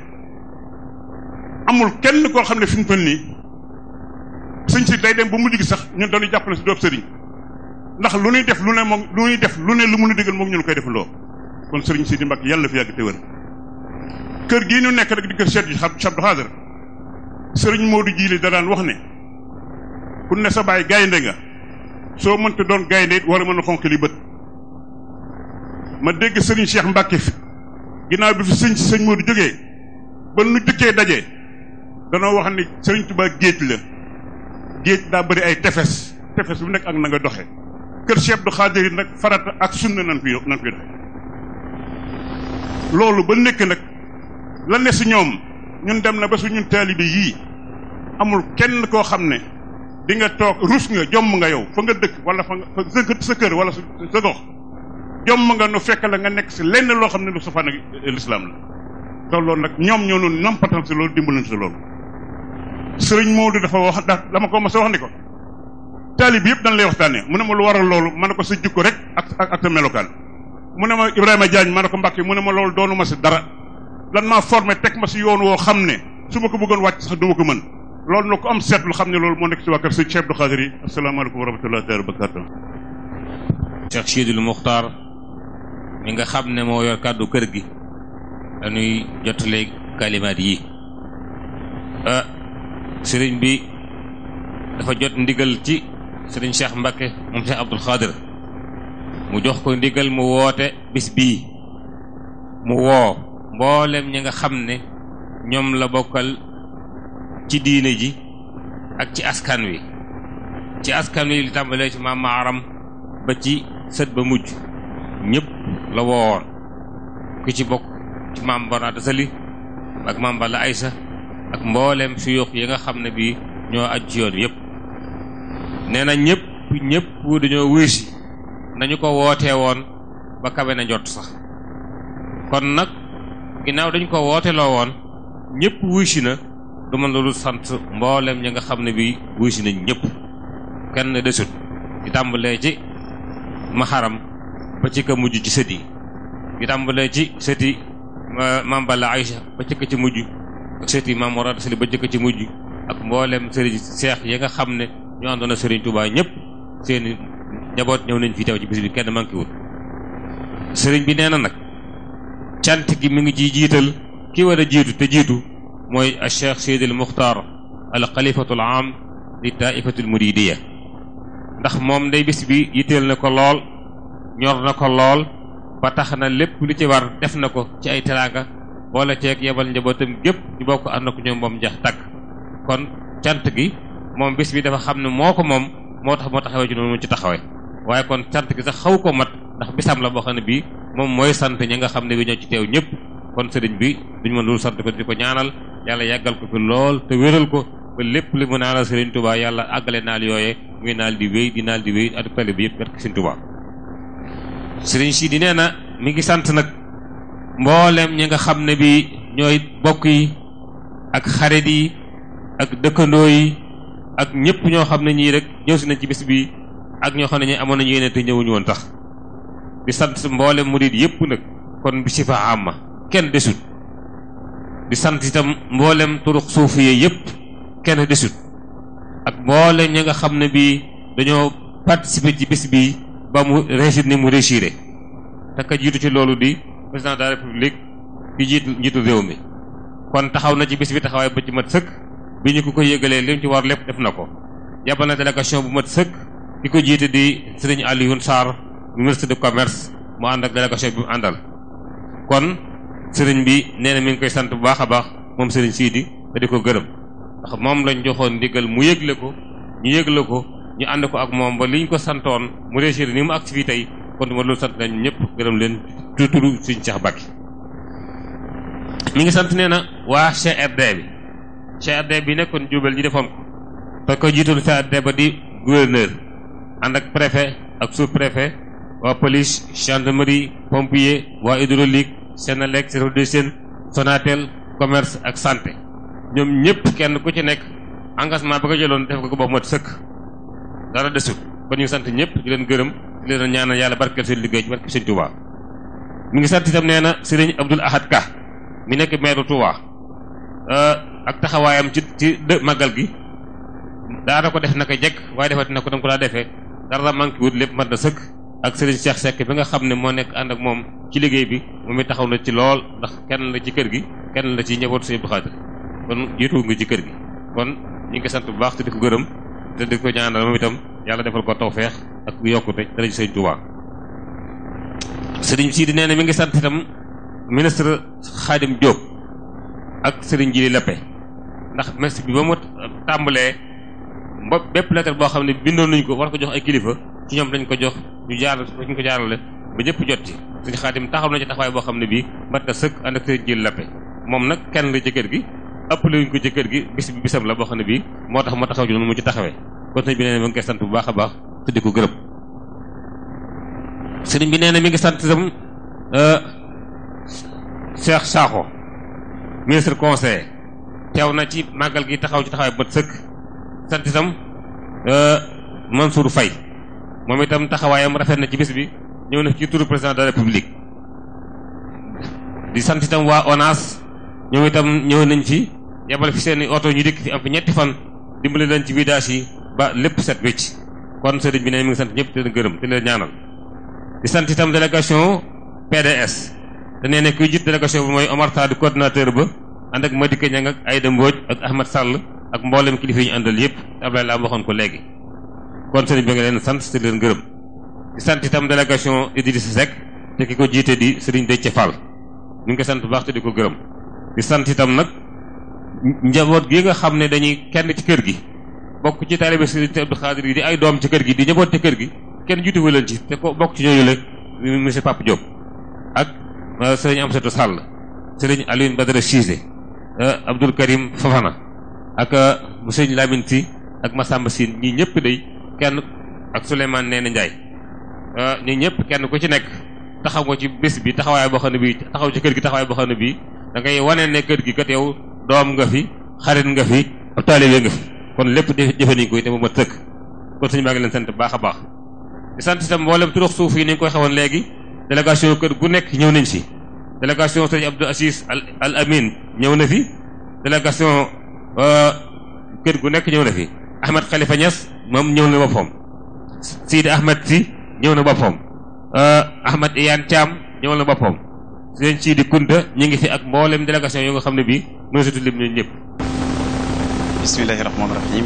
[SPEAKER 8] amul kenn koo xam ne fi mu toll nii sëñ si day dem ba mujj gi sax ñun dañuy jàpp ne si doob sëriñ ndax lu ñuy def lu ne moom lu ñuy def lu ne lu mun a digal moom ñun koy defaloo kon sëriñ Sidi Mbacke yàlla fi yàgg te wér kër gii ñu nekk rek di kër Cheikh ji Cheikh Abdou Khadre sëriñ du Djili da daan wax ne ku ne sa baay gaynde nga soo mënta doon gaynde it war a mën a xonq bët ma dégg sëriñ Cheikh Mbacke fi ginnaaw bi fi sëñ si sëñ Modou jógee ba nu jëkkee daje danoo wax ni sëriñ Touba géej la géej daa bëri ay tefes tefes bu nekk ak na nga doxee kër Cheikh Abdou Khadir nag farata ak sunna nan fi nan loolu ba nekk nag la ne si ñoom ñun dem na ba su ñun taalibe yii amul kenn koo xam ne di nga toog rus nga jomm nga yow fa nga dëkk wala fa nga sa kër wala sa gox jomm nga nu fekk la nga nekk si lenn loo xam ne lu safaan ak lislaam la loolu nag ñoom ñoo nu nampatal si loolu dimbalan si loolu sëriñ Moodu dafa wax dama ko ma sa wax ni ko taalib yëpp dañ lay waxtaanee mu ne ma lu waral loolu ma ne ko sa jukko rek ak sa melokaan mu ne ma Ibrahima Diagne ma ne ko Mbàkke mu ne ma loolu doonu ma si dara lan maa formé teg ma si yoon woo xam ne su ma ko bëggoon wàcc sax du ma ko ko am seetlu xam ne loolu moo nekk si waa kër si Cheikh Abdou Khadir yi asalaamaaleykum wa rahmatullahi taala
[SPEAKER 1] wa Muxtaar mi nga xam ne moo yor kàddu kër gi jot jottale kalimaat yi ah, sëriñ bi dafa jot ndigal ci dañ Cheikh Mbakke moom Cheikh Abdul Xaadir mu jox ko ndigal mu woote bis bii mu woo mboolem ñi nga xam ne ñoom la bokkal ci diine ji ak ci askan wi ci askan wi li tàmbalee ci maam Maaram ba ci sët ba mujj ñëpp la woowoon ku ci bokk ci maam Barnaata Sali ak maam Balla Aysa ak mboolem suyuux yi nga xam ne bii ñoo aju ci yoon yëpp. nee na ñëpp ñëpp dañoo wuy si nañu ko wootee woon ba kawe na jot sax kon nag ginnaaw dañ ko wooteeloo woon ñëpp wuy na du mën loolu sant mbooleem ñi nga xam ne bii wuy si nañ ñëpp kenn desut di tàmbalee ci maxaram ba ci ka mujj ci sët yi di tàmbalee ci sët yi maam Balla Aïcha ba ci ci mujj ak sët yi maam ba ci ka ci mujj ak mboolem sëriñ seex yi nga xam ne ñu àndoon ak Serigne Touba ñëpp seen njaboot ñëw nañ fi teew ci bis bi kenn manqué wut bi nee na nag cant gi mu ngi ciy jiital ki war a jiitu te jiitu mooy al Cheikh Seydil Muxtaar al xalifatul am li taaifatul muridiya ndax moom day bis bi yitteel na ko lool ñor na ko lool ba tax na lépp lu ci war def na ko ci ay teraanga boole ceeg yebal njabootam gépp ñu bokk am na ko ñoom moom jax tàkk kon cant gi moom bis bi dafa xam ne moo ko moom moo tax moo taxawee ci noonu mu ci taxawee waaye kon sant gi sax xaw ko mat ndax bisam la boo xam ne bii moom mooy sant ñi nga xam ne bi ñoo ci teew ñëpp kon sëriñ bi duñ mën ko di ko ñaanal yàlla ko fi li mu naanal sëriñ Touba yàlla àggale naal yooyee muy naal di wéy di naal di wéy adu tali bi yëpp kat sëriñ na mi ngi sant ñi nga xam ne bi ñooy bokk yi ak xarit yi ak dëkkandoo yi ak ñëpp ñoo xam ne ñii rek ñëw si nañ ci bis bi ak ñoo xam ne ñi amoon nañu yeneen te ñëwuñu woon tax di sant mboole murid yëpp nag kon bi si fa am ma kenn desut di sant itam mboolem turuq suufiye yëpp kenn desut ak mboolem ñi nga xam ne bii dañoo participer ci bis bi ba mu réussir ni mu réussir te ka jiitu ci loolu di président de la république di jiitu njiitu réew mi kon taxaw na ci bis bi taxawaay ba ci mat sëkk bi ñu ko ko yëgalee li mu ci war lépp def na ko yabal na délégation bu mat sëkk ki ko jiite di sëriñ Alioune Sarr ministre de commerce mu ànd ak délégation bi mu àndal kon sëriñ bi nee na mi ngi koy sant bu baax a baax moom sëriñ Sidi te di ko gërëm ndax moom lañ joxoon ndigal mu yégle ko ñu yëgle ko ñu ànd ko ak moom ba liñ ko santoon mu réussir ni mu activité tey kon duma loolu sant nañ ñëpp gërëm leen tuturu suñ Cheikh Bakki mi ngi sant nee na CRD bi nekkoon Diourbel ñu defoon ko parce que jiitoon CRD ba di gouverneur ànd ak préfet ak sous-préfet waa police gendarmerie pompier waa hydraulique Senelec service d'hygiène Sonatel commerce ak santé ñoom ñëpp kenn ku ci nekk engagement ba ko jëloon def ko ko ba mot sëkk dara desul kon ñu ngi sant ñëpp di leen gërëm di leen ñaanal yàlla barkeel seen liggéey ci barkeel seen Touba mi ngi sant itam nee na Serigne Abdoul Ahad Ka mi nekk maire Touba euh, ak taxawaayam ci ci màggal gi daana ko def naka jekk waaye defati na ko dam ko daa defee dara manqué wut lépp mat na sëkk ak sëriñ seex Seck bi nga xam ne moo nekk ànd ak moom ci liggéey bi moom it taxaw na ci lool ndax kenn la ci kër gi kenn la ci njaboot Sëriñ Abdou Khadre kon jiitu nga ci kër gi kon ñu ngi sant bu baax te di ko gërëm te di ko ñaanal moom itam yàlla defal ko feex ak yokkute dara ci Sëriñ Tuubaa sëriñ sii di nee na mi ngi sant itam ministre Khadim Diop sëriñ Jili Lappe ndax messi bi ba mu tàmbalee mbo bépp lettre boo xam ne bindoon nañ ko war ko jox ay kilifa ci ñoom dañ ko jox ñu jaar dañ ko jaarale ba ñëpp jot ci suñu xaatim taxaw na ci taxawaay boo xam ne bii mat na sëkk moom nag kenn la ci kër gi ëppale wuñ ko ci kër gi bis bi bisam la boo xam ne bii moo tax moo taxaw ci noonu mu ci taxawee kon sëñ bi nee na ngi sant bu baax a baax te di ko gërëm sëriñ bi nee na mi ngi sant itam euh, Cheikh Sakho ministre conseiller teew na ci màggal gi taxaw ci taxawaay bët sëkk sant itam euh, Mansour Faye moom itam taxawaayam rafet na ci bis bi ñëw na ci turu président de république di sant itam waa ONAS ñoom itam ñëw nañ ci yebal fi seeni oto ñu dikk fi am fi ñetti fan dimbali leen ci vidange yi ba lépp set wécc kon sëriñ bi ne mu ngi sant ñëpp te leen gërëm te leen ñaanal di sant itam délégation PDS te nee ne kuy jiit délégation bi mooy Omar Tall di ba ànd ak Madické Niang ak Aïda Mbodj ak Ahmed Sall ak mboolem kilifa yi ñu àndal yëpp Abdoulaye Lam waxoon ko léegi kon sëriñ bi nga leen sant te leen gërëm di sant itam délégation Idrissa Seck te ki ko jiite di sëriñ Déthié Fall mu ngi ko sant bu baax te di ko gërëm di sant itam nag njaboot gi nga xam ne dañuy kenn ci kër gi bokk ci taalibe sëriñ Abdou Khadir yi di ay doom ci kër gi di njaboot ci kër gi kenn juutuwu leen ci te ko bokk ci ñooñu la monsieur Pape Diop ak euh, sëriñ Amsatou Sall sëriñ Alioune Badara Cissé Euh, Abdul Karim Fofana ak bu euh, sëñ Lamine Si ak Massamba Sine ñi ñëpp day kenn ak Souleymane Neena Ndiaye euh, ñii ñëpp kenn ku ci nekk taxaw nga ci bés bi taxawaay boo xam ne bii taxaw ci kër gi taxawaay boo xam ne bii da ngay ne kër gi kat yow doom nga fi xarit nga fi ab taalibe nga fi kon lépp jëfe nañ ko te mu ma tëkk kon suñu maa ngi leen sant baax a baax. di sant itam mboolem turux suuf yi ni ñu koy xawoon léegi délégation kër gu nekk ñëw nañ si délégation sëñ al Amin. ñëw na fi délégation euh, kër gu nekk ñëw na fi Ahmed xalifa Niass moom ñëw na boppam Sidi Ahmed si ñëw na boppam euh, Ahmed Iyane Thiam ñëw na boppam sëñ Sidi Kunta ñu ngi fi ak mboolem délégation yoo nga xam ne bii
[SPEAKER 9] mooy sutu lim ñun ñëpp. bismillahi rahmaani rahim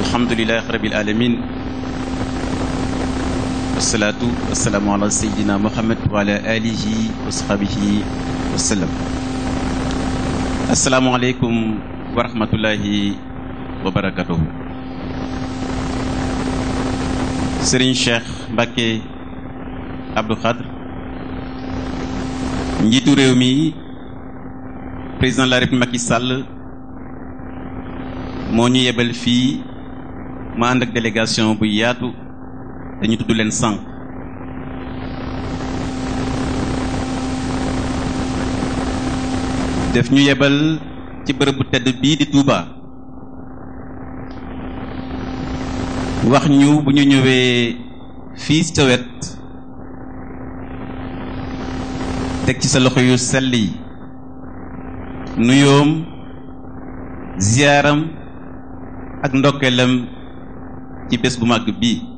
[SPEAKER 9] alhamdulilahi rabbil alamin wasalaatu wasalaamu ala sayidina muhammad wa ala alihi sëriñ cheikh mbàkke abdou xadr njiitu réew mi président de la république Macky Sall moo ñu yebal fii ma ànd ak délégation bu yaatu te tudd leen sànq def ñu yebal ci bërëb bu tedd bii di Touba wax ñu bu ñu ñëwee fii sa wet teg ci sa loxo yu sell yi nuyoom ziyaaram ak ndokkeelam ci bés bu màgg bii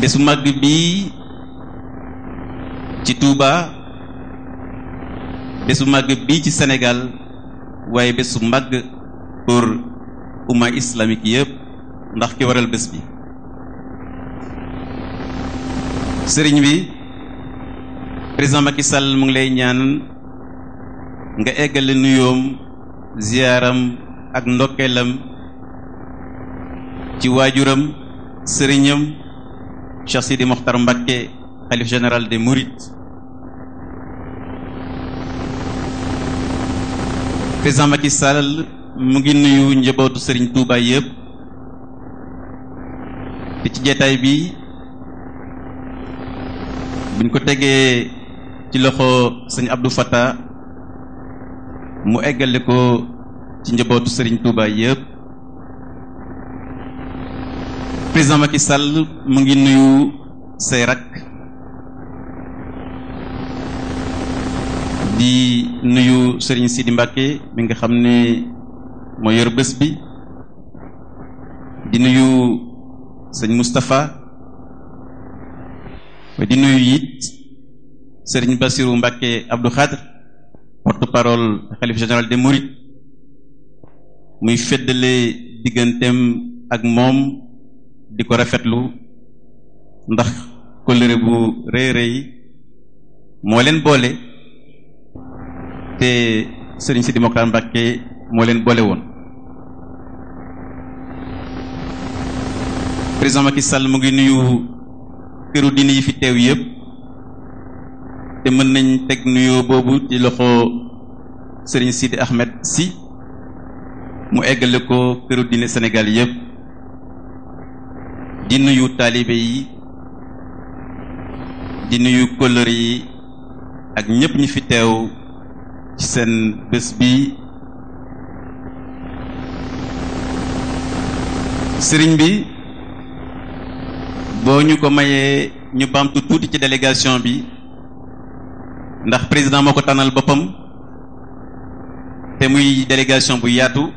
[SPEAKER 9] bésu màgg bii ci Touba bésu màgg bii ci Sénégal waaye bésu màgg pour umma islamique yëpp ndax ki waral bés bi sëriñ bi président Macky sal mu ngi lay ñaan nga eggale nuyoom ziyaaram ak ndokkeelam ci waajuram sëriñam Cheikh Sidi Mokhtar Mbacké xalif général des Mourides président Macky Sall mu ngi nuyu njabootu Serigne Touba yëpp te ci jeetaay bi buñ ko tegee ci loxo sëñ Abdou Fattah mu eggale ko ci njabootu Serigne Touba yëpp président Macky Sall mu ngi nuyu say rak di nuyu Serigne Sidi Mbacke mi nga xam ne moo yor bés bi di nuyu sëñ Moustapha di nuyu it Serigne Bassirou Mbacke Abdou Khadre porte-parole xalif général des Mourides muy feddale digganteem ak moom di ko rafetlu ndax kóllëre bu rëy rëy moo leen boole te sëriñ Sidi Mokhtar Mbacke moo leen boole woon président Macky Sall mu ngi nuyu këru diine yi fi teew yëpp te mën nañ teg nuyoo boobu ci loxo sëriñ Sidi Ahmed si mu eggale ko këru diine Sénégal yëpp di nuyu taalibe yi di nuyu kóllëre yi ak ñépp ñi fi teew ci seen bés bi sëriñ bi boo ñu ko mayee ñu bamtu tuuti ci délégation bi ndax président moo ko tànnal boppam te muy délégation bu yaatu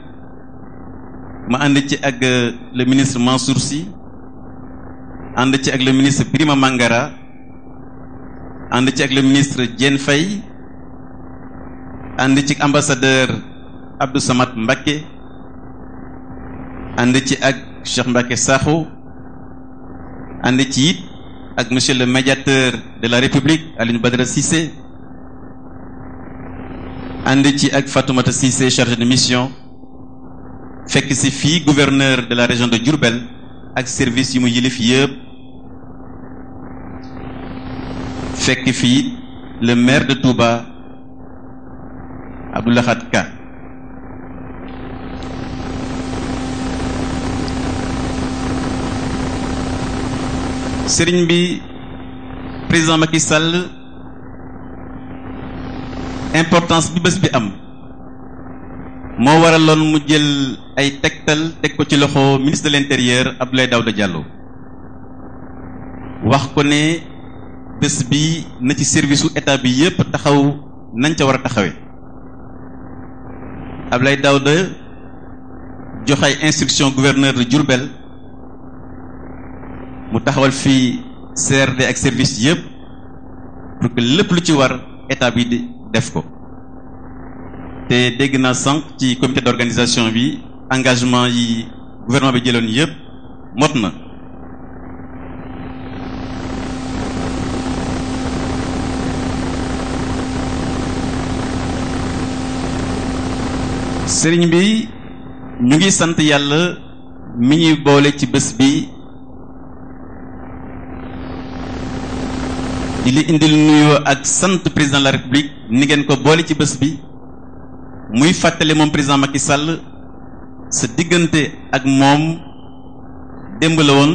[SPEAKER 9] ma ànd ci ak euh, le ministre Mansour si ànd ci ak le ministre Birima Mangara ànd ci ak le ministre Diène Faye ànd ci ambassadeur Abdou Samad Mbacké ànd ci ak Cheikh Mbacké Sakho ànd ci it ak monsieur le médiateur de la République Alioune Badara Cissé ànd ci ak Fatoumata Cissé chargé de mission fekk si fii gouverneur de la région de Diourbel ak service yu mu yilif yëpp fekk fii le maire de Touba Abdou Lahad sëriñ bi président Macky Sall importance bi bés bi am moo waraloon mu jël ay tegtal teg ko ci loxo ministre de l'intérieur Abdoulaye Daouda Diallo wax ko ne bés bi na ci service su état bi yëpp taxaw nañ ca war a taxawee Ablaye Daouda jox ay instruction gouverneur de jurbel mu taxawal fii CRD ak service yëpp pour que lépp lu ci war état bi di def ko te dégg naa sanq ci comité d'organisation bi engagement yi gouvernement bi jëloon yëpp mot na sëriñ bi ñu ngi sant yàlla mi ñuy boole ci bés bi di li indil nuyoo ak sant président de la république ni ngeen ko boole ci bés bi muy fàttali moom président Macky Sall sa diggante ak moom démb la woon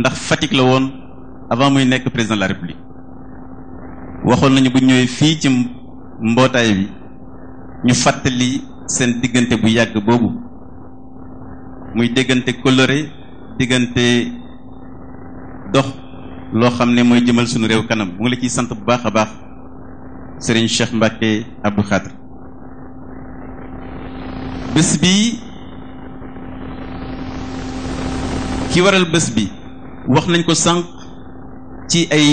[SPEAKER 9] ndax Fatick la woon avant muy nekk président de la république waxoon nañu bu ñëwee fii ci mbootaay bi ñu fàttali seen diggante bu yàgg boobu muy diggante coloré diggante dox loo xam ne mooy jëmal suñu réew kanam mu ngi la ciy sant bu baax a baax Serigne Cheikh Mbacke Abdou Khadre bés bi ki waral bés bi wax nañ ko sànq ci ay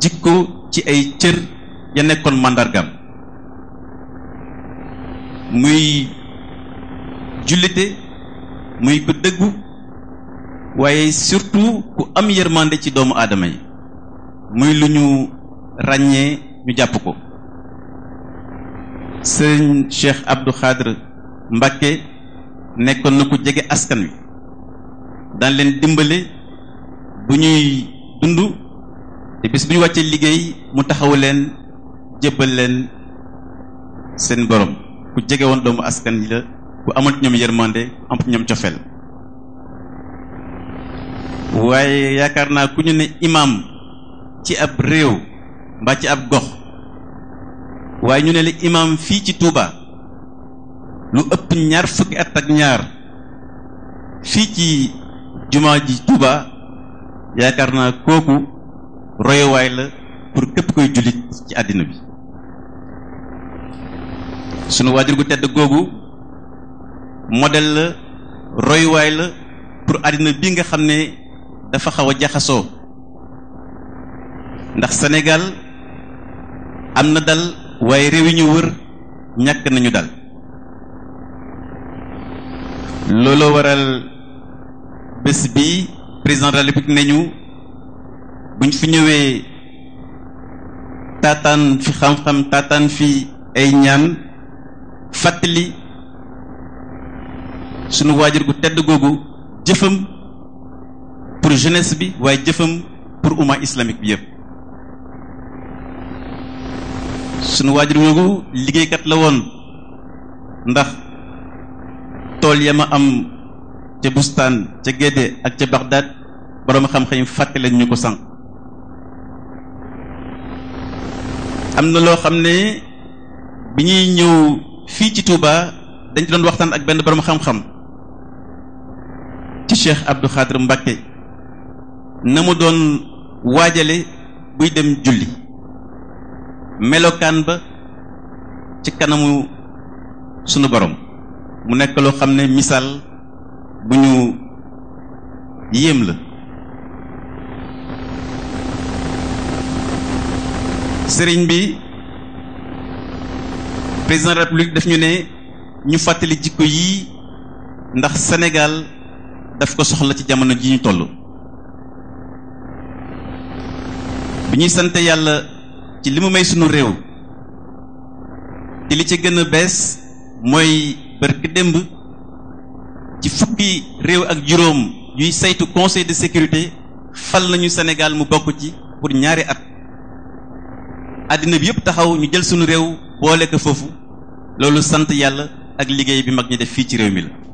[SPEAKER 9] jikko ci ay cër ya nekkoon màndargam muy jullite muy ku dëggu waaye surtout ku am yërmande ci doomu aadama yi muy lu ñu ràññee ñu jàpp ko sëñ Cheikh Abdou Khadre Mbacké nekkoon na ku jege askan wi daan leen dimbale bu ñuy dund te bis bu wàccee liggéey mu taxaw leen jébbal leen seen borom ku jege woon doomu askan yi la ku amoon ci ñoom yërmande am ci ñoom cofeel waaye yaakaar naa ku ñu ne imaam ci ab réew mbaa ci ab gox waaye ñu ne li imaam fii ci Touba lu ëpp ñaar fukki at ak ñaar fii ci jumaa ji tuubaa yaakaar naa kooku royuwaay la pour képp koy jullit ci àddina bi sunu waajur gu tedd googu modèle la royuwaay la pour àddina bi nga xam ne dafa xaw a jaxasoo ndax senegal am na dal waaye réew yi ñu wër ñàkk nañu dal looloo waral bés bi président de la République ñu buñ fi ñëwee taataan fi xam-xam taataan fi ay ñaan fàttali sunu waajur gu tedd googu jëfam pour jeunesse bi waaye jëfam pour umma islamique bi yëpp sunu waajur googu liggéeykat la woon ndax tool ya ma am ca bustaan ca gédde ak ca baxdaad boroom xam-xam fàttali ñu ko sànq am na loo xam ne bi ñuy ñëw fii ci Touba dañ ci doon waxtaan ak benn borom xam-xam ci Cheikh Abdou Khadir Mbacke na mu doon waajale buy dem julli melokaan ba ci kanamu sunu boroom mu nekk loo xam ne misaal bu ñu yéem la sëriñ bi président de la république daf ñu ne ñu fàttali jikko yii ndax Sénégal daf ko soxla ci jamono ji ñu toll bi ñuy sant yàlla ci li mu may sunu réew te li ci gën a bees mooy bërki démb ci fukki réew ak juróom yuy saytu conseil de sécurité fal nañu Sénégal mu bokk ci pour ñaari at àddina bi yëpp taxaw ñu jël sunu réew boole ko foofu loolu sant yàlla ak liggéey bi mag ñi def fii ci réew mi la